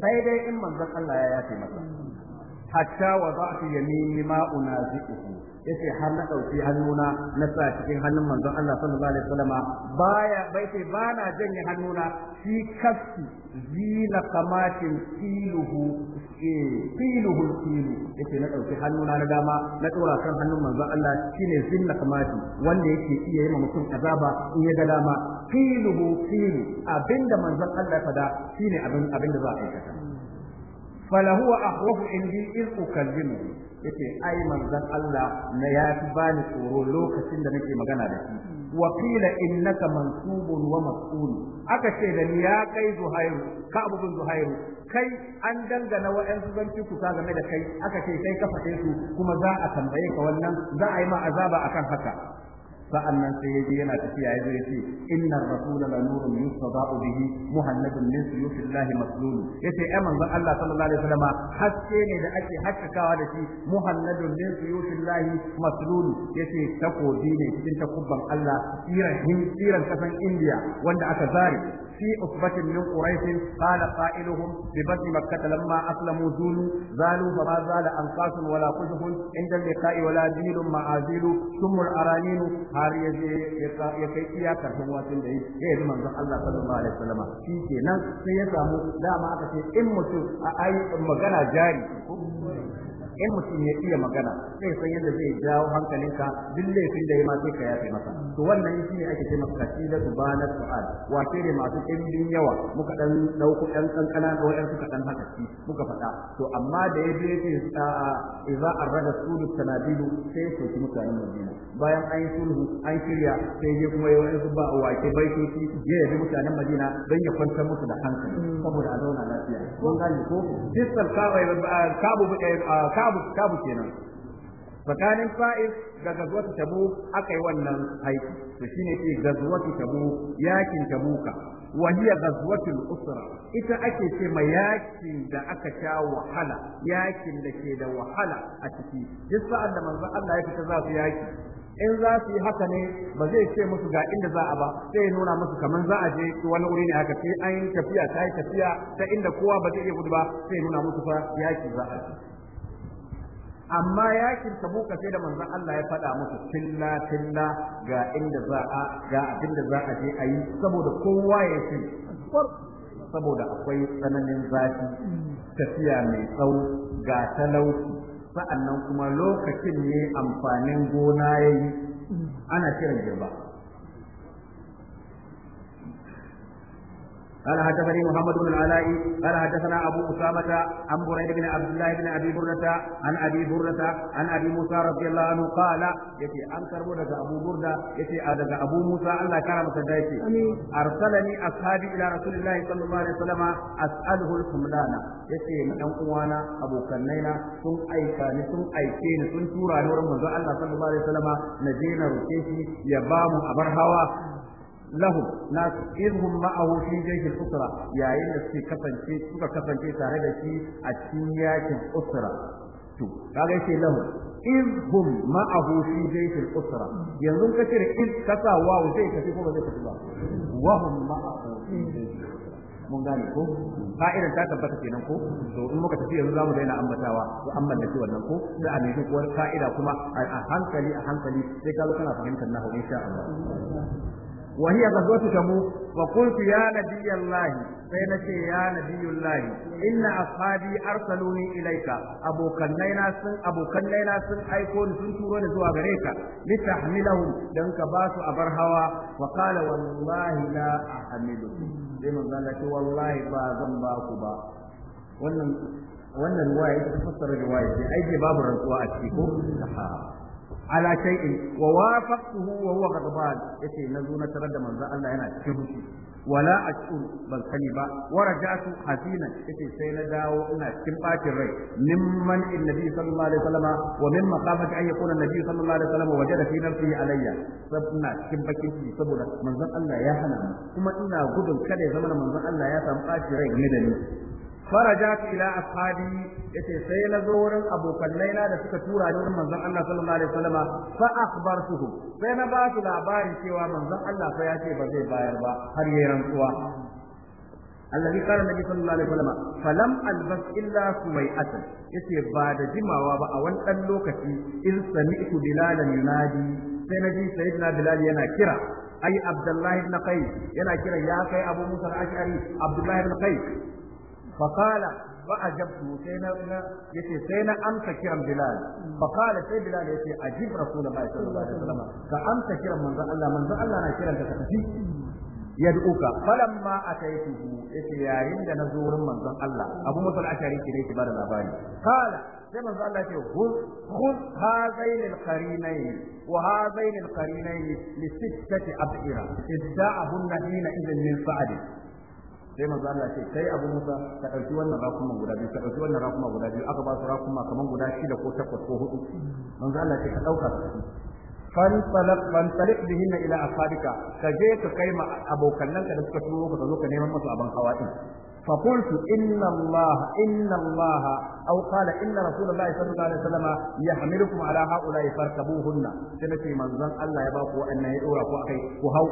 A: sai dai in manzon Allah ya yafe masa hatta wa za su yamini ma unazi'uhu yace har na dauki hannuna na sa cikin hannun manzon Allah sallallahu alaihi wasallama baya bai ce bana janye hannuna shi kafsi zina kamatin filuhu eh, filuhu filu yace na dauki hannuna na dama na dora kan hannun manzon Allah shine zina kamati wanda yake iya yi ma mutum azaba in ya ga dama filuhu filu abinda manzon Allah ya fada shine abin abinda za a aikata فلهو أخوف indi إذ أكلمه yace ai manzon Allah na ya fi bani tsoro lokacin da nake magana da shi wa qila innaka mansubun wa mas'ul aka ce da ni ya kai zuhairu ka abubun zuhairu kai an dangana wa'ansu zanci kusa game da kai aka ce sai ka su kuma za a tambaye ka wannan za a yi ma azaba akan haka nan sai yaji yana tafiya ya zai ce inna rasula la nurun yustada'u bihi muhammadun min suyufillahi maslul yace ai manzon Allah sallallahu alaihi wasallam haske ne da ake haskakawa da shi muhammadun min suyufillahi maslul yace takobi ne cikin takubban Allah tsiran tsiran kasan India wanda aka zare في عصبة من قريش قال قائلهم ببطن مكة لما أسلموا زولوا زالوا فما زال أنقاص ولا قذف عند اللقاء ولا ديل معازيل ثم الأرانين har ya je ya kai iyakar wasin da ya yi manzon Allah sallallahu alaihi wasallam shi kenan sai ya samu dama aka ce in mutum a ai magana jari in mutum ya iya magana zai san yadda zai jawo hankalinka duk laifin da ya ma sai ka yafe masa to wannan shi ne ake cewa masa kasila bana su'al wace ne masu kimbin yawa muka dan dauko dan kankana da wayan suka dan haka shi muka faɗa to amma da ya je ce idza arada sulu tanadilu sai ya soki mutanen Madina bayan an yi sulhu an shirya sai je kuma yawan su ba wake baitoci ya yabi mutanen Madina don ya kwantar musu da hankali saboda a zauna lafiya mun gane ko dukkan kawai kabu eh, kitabu tabu kenan tsakanin fa'is da gazwatu tabu aka yi wannan haiki to shine ce gazwatu tabu yakin tabuka wa hiya gazwatul usra ita ake ce mai yakin da aka sha wahala yakin da ke da wahala a ciki duk sa'an da manzon Allah ya fita za su yaki in za su yi haka ne ba zai ce musu ga inda za a ba sai nuna musu kamar za a je wani wuri ne haka sai an tafiya ta yi tafiya ta inda kowa ba zai iya gudu ba sai nuna musu fa yaki za a amma yakin tabuka sai da manzon Allah ya faɗa musu tilla tilla ga inda za a ga abin za a je a yi saboda kowa ya ci saboda akwai tsananin zafi tafiya mai tsawo ga talauci sa'annan kuma lokacin ne amfanin gona yayi ana kiran girba قال حدثني محمد بن العلاء قال حدثنا ابو اسامه عن بريد بن عبد الله بن ابي برده عن ابي برده عن ابي موسى رضي الله عنه قال يتي ان كربو daga ابو برده يتي daga ابو موسى الله كرم سدايتي ارسلني اصحابي الى رسول الله صلى الله عليه وسلم اساله الحملان يتي dan uwana abokannaina sun aika ni sun aike ni sun tura ni wurin manzo Allah sallallahu alaihi wasallam na je na roke shi ya ba mu abar hawa lahum nas izhum ma'ahu fi jaysh al-usra yayin da suke kasance suka kasance tare da shi a cikin yakin usra to kaga yace lahum izhum ma'ahu fi jaysh al-usra yanzu ka in iz kasa wawu zai kace ko ba zai kace ba wa hum ma'ahu fi jaysh al mun gane ko fa'idan ta tabbata kenan ko to in muka tafi yanzu zamu daina ambatawa to an mallaki wannan ko da a nemi kuwar fa'ida kuma a hankali a hankali sai ka zo kana fahimtar nahu insha Allah وهي غزوة تبوك فقلت يا نبي الله فإنك يا نبي الله إن أصحابي أرسلوني إليك أبو كنينا سن أبو كنينا سن أيكون سنتورون زوا بريك لتحملهم لأنك باس أبرهوا فقال والله لا أحملكم لمن ذلك والله بازم باكبا wannan wannan ruwaya ita fassara ruwaya sai aike babu ala shay'in wa wafaqtuhu wa huwa ghadban yace nazo na tarar da manzo Allah yana cikin rushi wala ashur ban sani ba wa raja'tu hazina yace sai na dawo ina cikin bacin rai mimman annabi sallallahu alaihi wasallam wa min maqamati an yakuna annabi sallallahu alaihi wasallam wajada fi nafsihi alayya sabna cikin bakin ciki saboda manzon Allah ya hana kuma ina gudun kada ya zama manzon Allah ya samu bacin rai ne da ni farajat ila ashabi yace sai na zo wurin abokanai na da suka tura ni wurin manzon Allah sallallahu alaihi wasallama fa akhbartuhum sai na basu su labari cewa manzon Allah fa ya ce ba zai bayar ba har yayin rantsuwa الذي قال النبي صلى الله عليه وسلم فلم البس الا سويئه yace ba da jimawa ba a wani ɗan lokaci in sami'tu bilalan yunadi sai na ji sayyidina bilal yana kira ai abdullahi ibn qais yana kiran ya kai abu musa al-ash'ari abdullahi ibn qais فقال فأجبت سينا يتي سينا أمس كرم بلال فقال سي بلال يتي أجيب رسول الله صلى الله عليه وسلم فأمس كرم من ذا الله من ذا الله أنا كرم تكتفي يدعوك فلما أتيته يتي يا عند نزور من ذا الله أبو موسى الأشعري كي ليس بعد الأباني قال sai manzo Allah ce khudh khudh hadain alqarinain wa hadain alqarinain li sittati ab'ira idda'ahunna hina idhin min ba'di sai manzo Allah ce kai Abu Musa ka dauki wannan rakuma guda biyu ka dauki wannan rakuma guda biyu aka ba su rakuma kaman guda shida ko takwas ko hudu manzo Allah ce ka dauka fansalik bihinna ila ashabika ka je ka kai ma abokannan ka da suka turo ka zo ka neman musu abin hawa din fa qultu inna Allah inna Allah aw qala inna Rasulullah sallallahu alaihi wasallam yahmilukum ala haula farkabuhunna sai nace manzon Allah ya ba ku wannan ya dora ku akai ku hau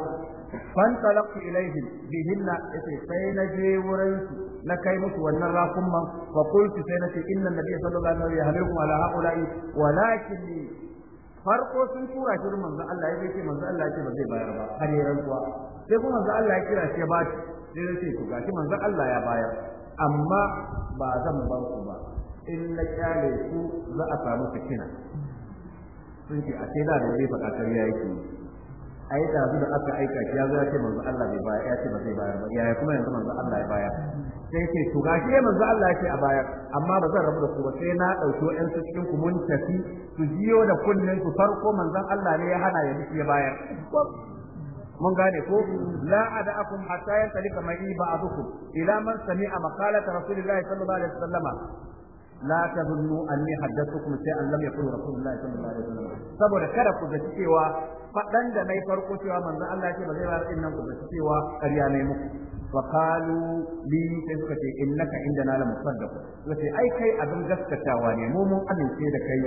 A: فانطلقت إليهم بهن سين جيورين لكي متونا راكم فقلت سينة إن النبي صلى الله عليه وسلم يهلكم على هؤلاء ولكني farko sun tura shi manzo Allah ya ce manzo Allah ya ce ba zai bayar ba har yaran kuwa sai kuma manzo Allah ya kira shi ya ba shi sai ya ce ku gashi manzo Allah ya bayar amma ba zan bar ku ba in na su za a samu kina. sun ce a sai da da zai faɗa yake ai da da aka aika shi ya zo ya ce manzo Allah bai bayar ya ce ba zai bayar ba ya yaya kuma yanzu manzo Allah ya bayar sai ce to gashi ya manzo Allah ya ce a bayar amma ba zan rabu da ku ba sai na dauki wa'ansu cikin ku mun tafi su jiyo da kunnen su farko manzon Allah ne ya hana ya bi ya bayar mun gane ko la ada'akum hatta yantalika mai ba'dukum ila man sami'a maqalat rasulillahi sallallahu alaihi wasallama la tazunnu anni haddathukum shay'an lam yakun rasulullahi sallallahu alaihi wasallam saboda kada ku zaci cewa fadan da nayi farko cewa manzon Allah ya ce ba zai bar din nan ku zaci cewa ƙarya ne muku wa qalu li sai suka ce innaka indana la musaddaq wace ai kai abin gaskatawa ne mu mun amince da kai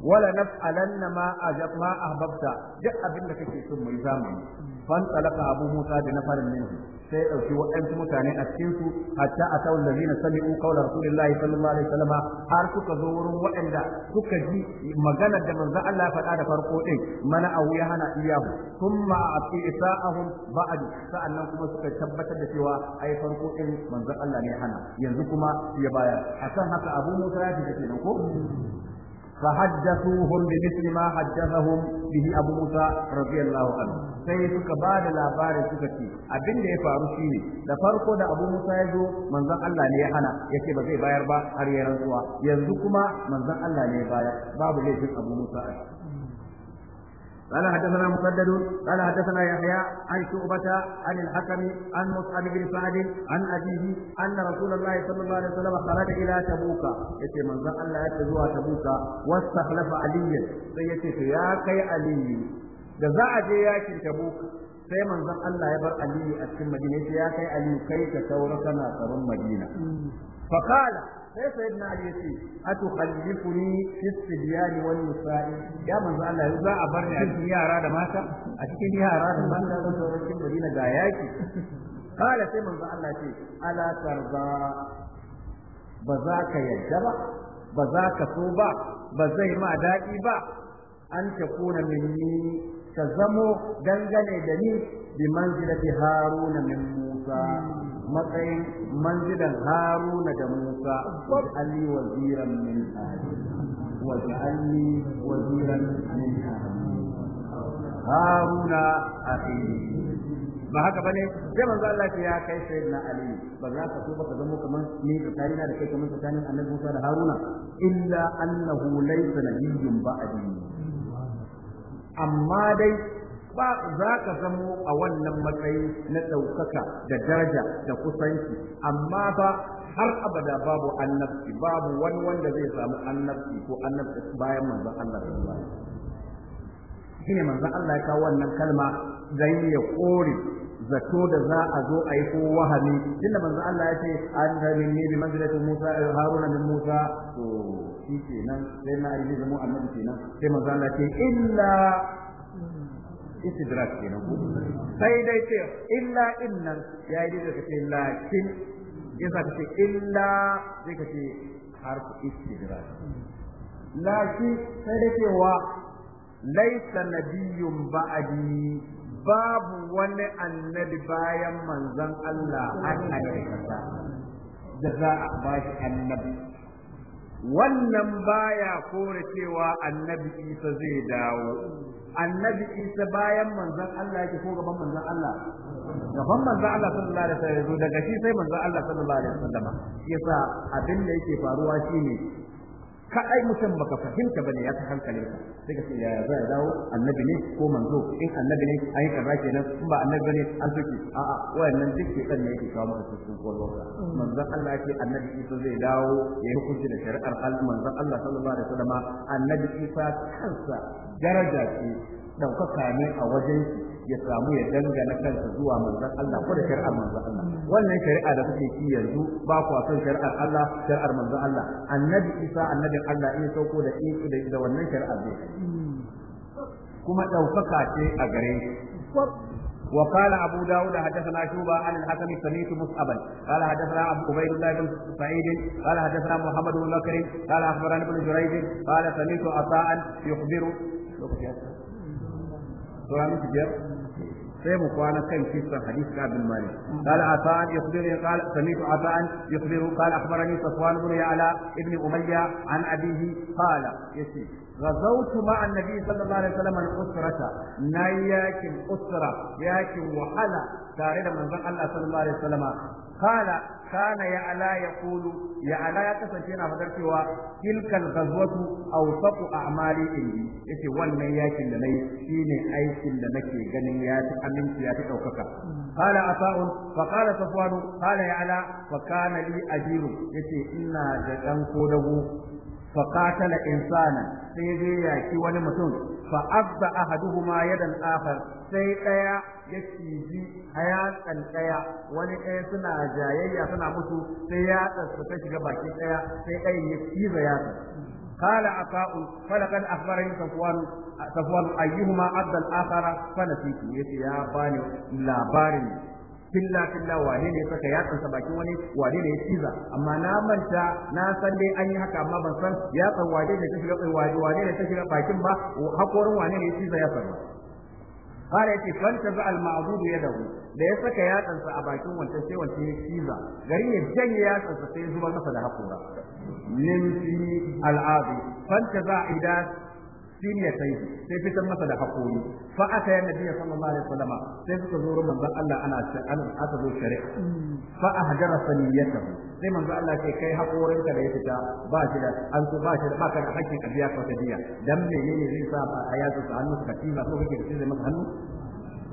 A: wala naf'alanna ma ajab ma ahbabta duk abin da kake so mu yi zamani fan talaka abu musa da nafarin minhu sai dauki waɗansu mutane a cikin su hatta atau allazina sami'u qawla rasulillahi sallallahu alaihi wasallam har suka zo wurin waɗanda suka ji magana da manzan Allah ya faɗa da farko ɗin mana a wuya hana iyahu thumma ati isa'ahum ba'd sa'annan kuma suka tabbatar da cewa ai farko ɗin manzon Allah ne hana yanzu kuma ya baya akan haka Abu Musa ya ce kenan ko فحدثوهم بمثل ما حدثهم به Musa موسى رضي الله عنه sai suka ba da labarin suka ce abin da ya faru shine da farko da abu musa ya zo manzon Allah ne ya hana ce ba zai bayar ba har ya rantsuwa yanzu kuma manzon Allah ne ya bayar babu laifin abu musa a قال حدثنا مسدد قال حدثنا يحيى عن شعبة عن الحكم عن مصعب بن سعد عن أبيه أن رسول الله صلى الله عليه وسلم خرج إلى تبوك يتي من ذا الله يتزوى تبوك واستخلف عليا سيتي يا كي علي da za a je yakin tabuk sai manzon Allah ya bar Aliyu a cikin Madina ya kai Aliyu kai ka saura kana tsaron Madina. Fakala sai sayyidina ali yace atukhallifuni fi sibyan wal nisa'i ya manzo Allah yanzu za a bar ni a cikin yara da mata a cikin yara da mata da sauran cikin Madina ga yaki kala sai manzo Allah ce ala tarza ba za ka yadda ba ba za ka so ba ba zai ma daɗi ba an ta kona minni ka zamo dangane da ni بمنزلة هارون haruna min musa matsayin هارون haruna da musa وزيرا من min ahli وزيرا من min هارون haruna ba haka bane sai manzo Allah ke ya kai sayyidina ali ba za ka so ba ka zama kaman ni da tarina da kai kamar tsakanin annabi Musa da Haruna illa annahu laysa nabiyyun ba'di amma dai ba za ka zamo a wannan matsayi na ɗaukaka da daraja da kusanci amma ba har abada babu annabci babu wani wanda zai samu annabci ko annabci bayan manzon Allah da alaihi shi ne manzon Allah ya kawo wannan kalma dan ya kore zato da za a zo a yi ko wahami tunda manzo Allah ya ce an da min ne bi manzilati Musa eh, Haruna min Musa to shi kenan sai na yi zama annabci kenan sai manzo Allah ya ce illa istidrak kenan ko sai dai ce illa innan ya yi da kace lakin ya sa kace illa sai kace ku istidrak lakin sai dai cewa laisa nabiyyun ba'di babu wani annabi bayan manzon Allah an aikata da za a bashi annabi wannan baya kore cewa annabi isa zai dawo annabi isa bayan manzon Allah yake ko gaban manzon Allah gaban manzon Allah sallallahu alaihi wasallam daga shi sai manzon Allah sallallahu alaihi wasallam yasa abin da yake faruwa shine ka ai mutum baka fahimta bane ya ta hankali ka sai ka ce ya za ya dawo annabi ne ko manzo in eh, annabi ne ai kaza kenan in ba annabi bane an soke a a wayannan duk ke kan ne yake kawo maka cikin kwalwarka manzon Allah ce annabi Isa zai dawo ya yi hukunci da shari'ar Allah manzon Allah sallallahu alaihi wasallam annabi Isa kansa daraja ce ɗaukaka ne a wajen ya samu ya dangana kansa zuwa manzon Allah ko da shari'ar manzon Allah wannan shari'a da kuke ci yanzu ba ku son shari'ar Allah shari'ar manzon Allah annabi Isa annabin Allah in sauko da da wannan shari'ar zai kuma ɗaukaka ce a gare shi وقال أبو داود حدثنا شوبة عن الحكم سميت مصعبا قال حدثنا أبو عبيد الله بن سعيد قال حدثنا محمد بن قال أخبرنا ابن جريج قال سميت عطاء يخبر sura biyar sai mu kwana kan kisan hadisi ka bin malik qala qala sami'tu qala akhbarani safwan ibn ya'la ibn umayya an abihi qala yasi غزوت مع النبي صلى الله عليه وسلم الأسرة نياك الأسرة ياك وحلا تارد من الله صلى الله عليه وسلم قال kana ya ala ya kulu ya ala ya kasance yana fadar cewa gazwatu ghazwatu awsaqu a'mali indi yace wannan yakin da nayi shine aikin da nake ganin ya fi aminci ya ta daukaka qala asa'un fa qala safwan qala ya ala fa kana li ajiru yace ina da dan kodago fa qatala insana sai dai yaki wani mutum fa abda ahaduhuma yadan akhar sai daya ya ciji a ɗaya wani ɗaya suna jayayya suna mutu sai ya su ta shiga baki ɗaya sai ɗayan ya ciza yatsan قال عطاء فلقد اخبرني صفوان صفوان ايهما عبد الاخر فنسيت يا ya bani labarin filla filla wane ne saka yatsansa bakin wani wane ne ya ciza amma na manta na san dai an yi haka amma ban san yatsan wane ne ta shiga wane ne ta shiga bakin ba hakorin wane ne ya ciza ya faru? fara yace fanta za al-ma'budu yadahu da ya saka yatsansa a bakin wancan sai wancan ya ciza garin ya janye yatsansa sai zuba masa da hakura min fi al-abi fanta za idan siniyatayhi sai fitar masa da hakuri fa aka ya nabi sallallahu alaihi wasallam sai suka zo ruban manzon Allah ana ana aka zo shari'a fa ahjara saniyatahu sai manzon Allah ce kai hakorin ka da ya fita ba shi da an so ba shi da baka da hakki ka biya ka biya, dan menene zai sa ba a su hannu ka tima ko kake da zai maka hannu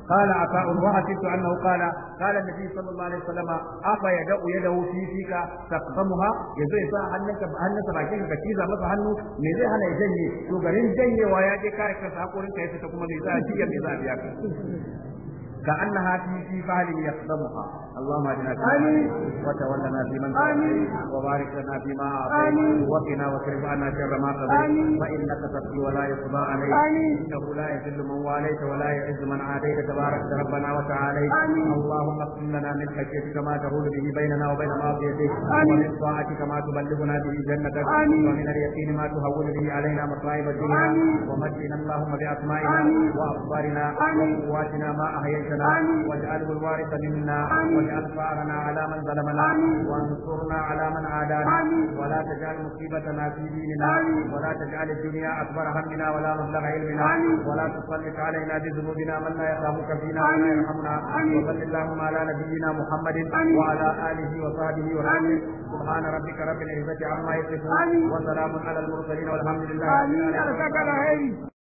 A: قال عطاء وحسبت انه قال قال النبي صلى الله عليه وسلم افا يدع يده في فيك تقسمها يزي سا sa hannunka bakin ka ciza masa hannu me zai hana ya janye to garin janyewa ya je kare kansa hakorin ka ya fita kuma me a jiya me za كأنها في فعل يخدمها اللهم اجعلنا في وتولنا في من وبارك لنا فيما أعطيت وقنا واصرف عنا شر ما قضيت فإنك تقضي ولا يقضى عليك إنه لا يذل من واليت ولا يعز من عاديت تبارك ربنا وتعالى اللهم اقسم لنا من خشيتك ما تهول به بيننا وبين معصيتك ومن طاعتك ما تبلغنا به جنتك ومن اليقين ما تهون به علينا مصائب الدنيا ومجدنا اللهم بأسمائنا آمين وقواتنا ما أحييتنا علينا واجعله الوارث منا واجعل ثارنا على من ظلمنا وانصرنا على من عادانا ولا تجعل مصيبتنا في ديننا ولا تجعل الدنيا اكبر همنا ولا مبلغ علمنا ولا تسلط علينا بذنوبنا من لا يخافك فينا ولا يرحمنا وصل اللهم على نبينا محمد وعلى اله وصحبه وسلم سبحان ربك رب العزه عما يصفون وسلام على المرسلين والحمد لله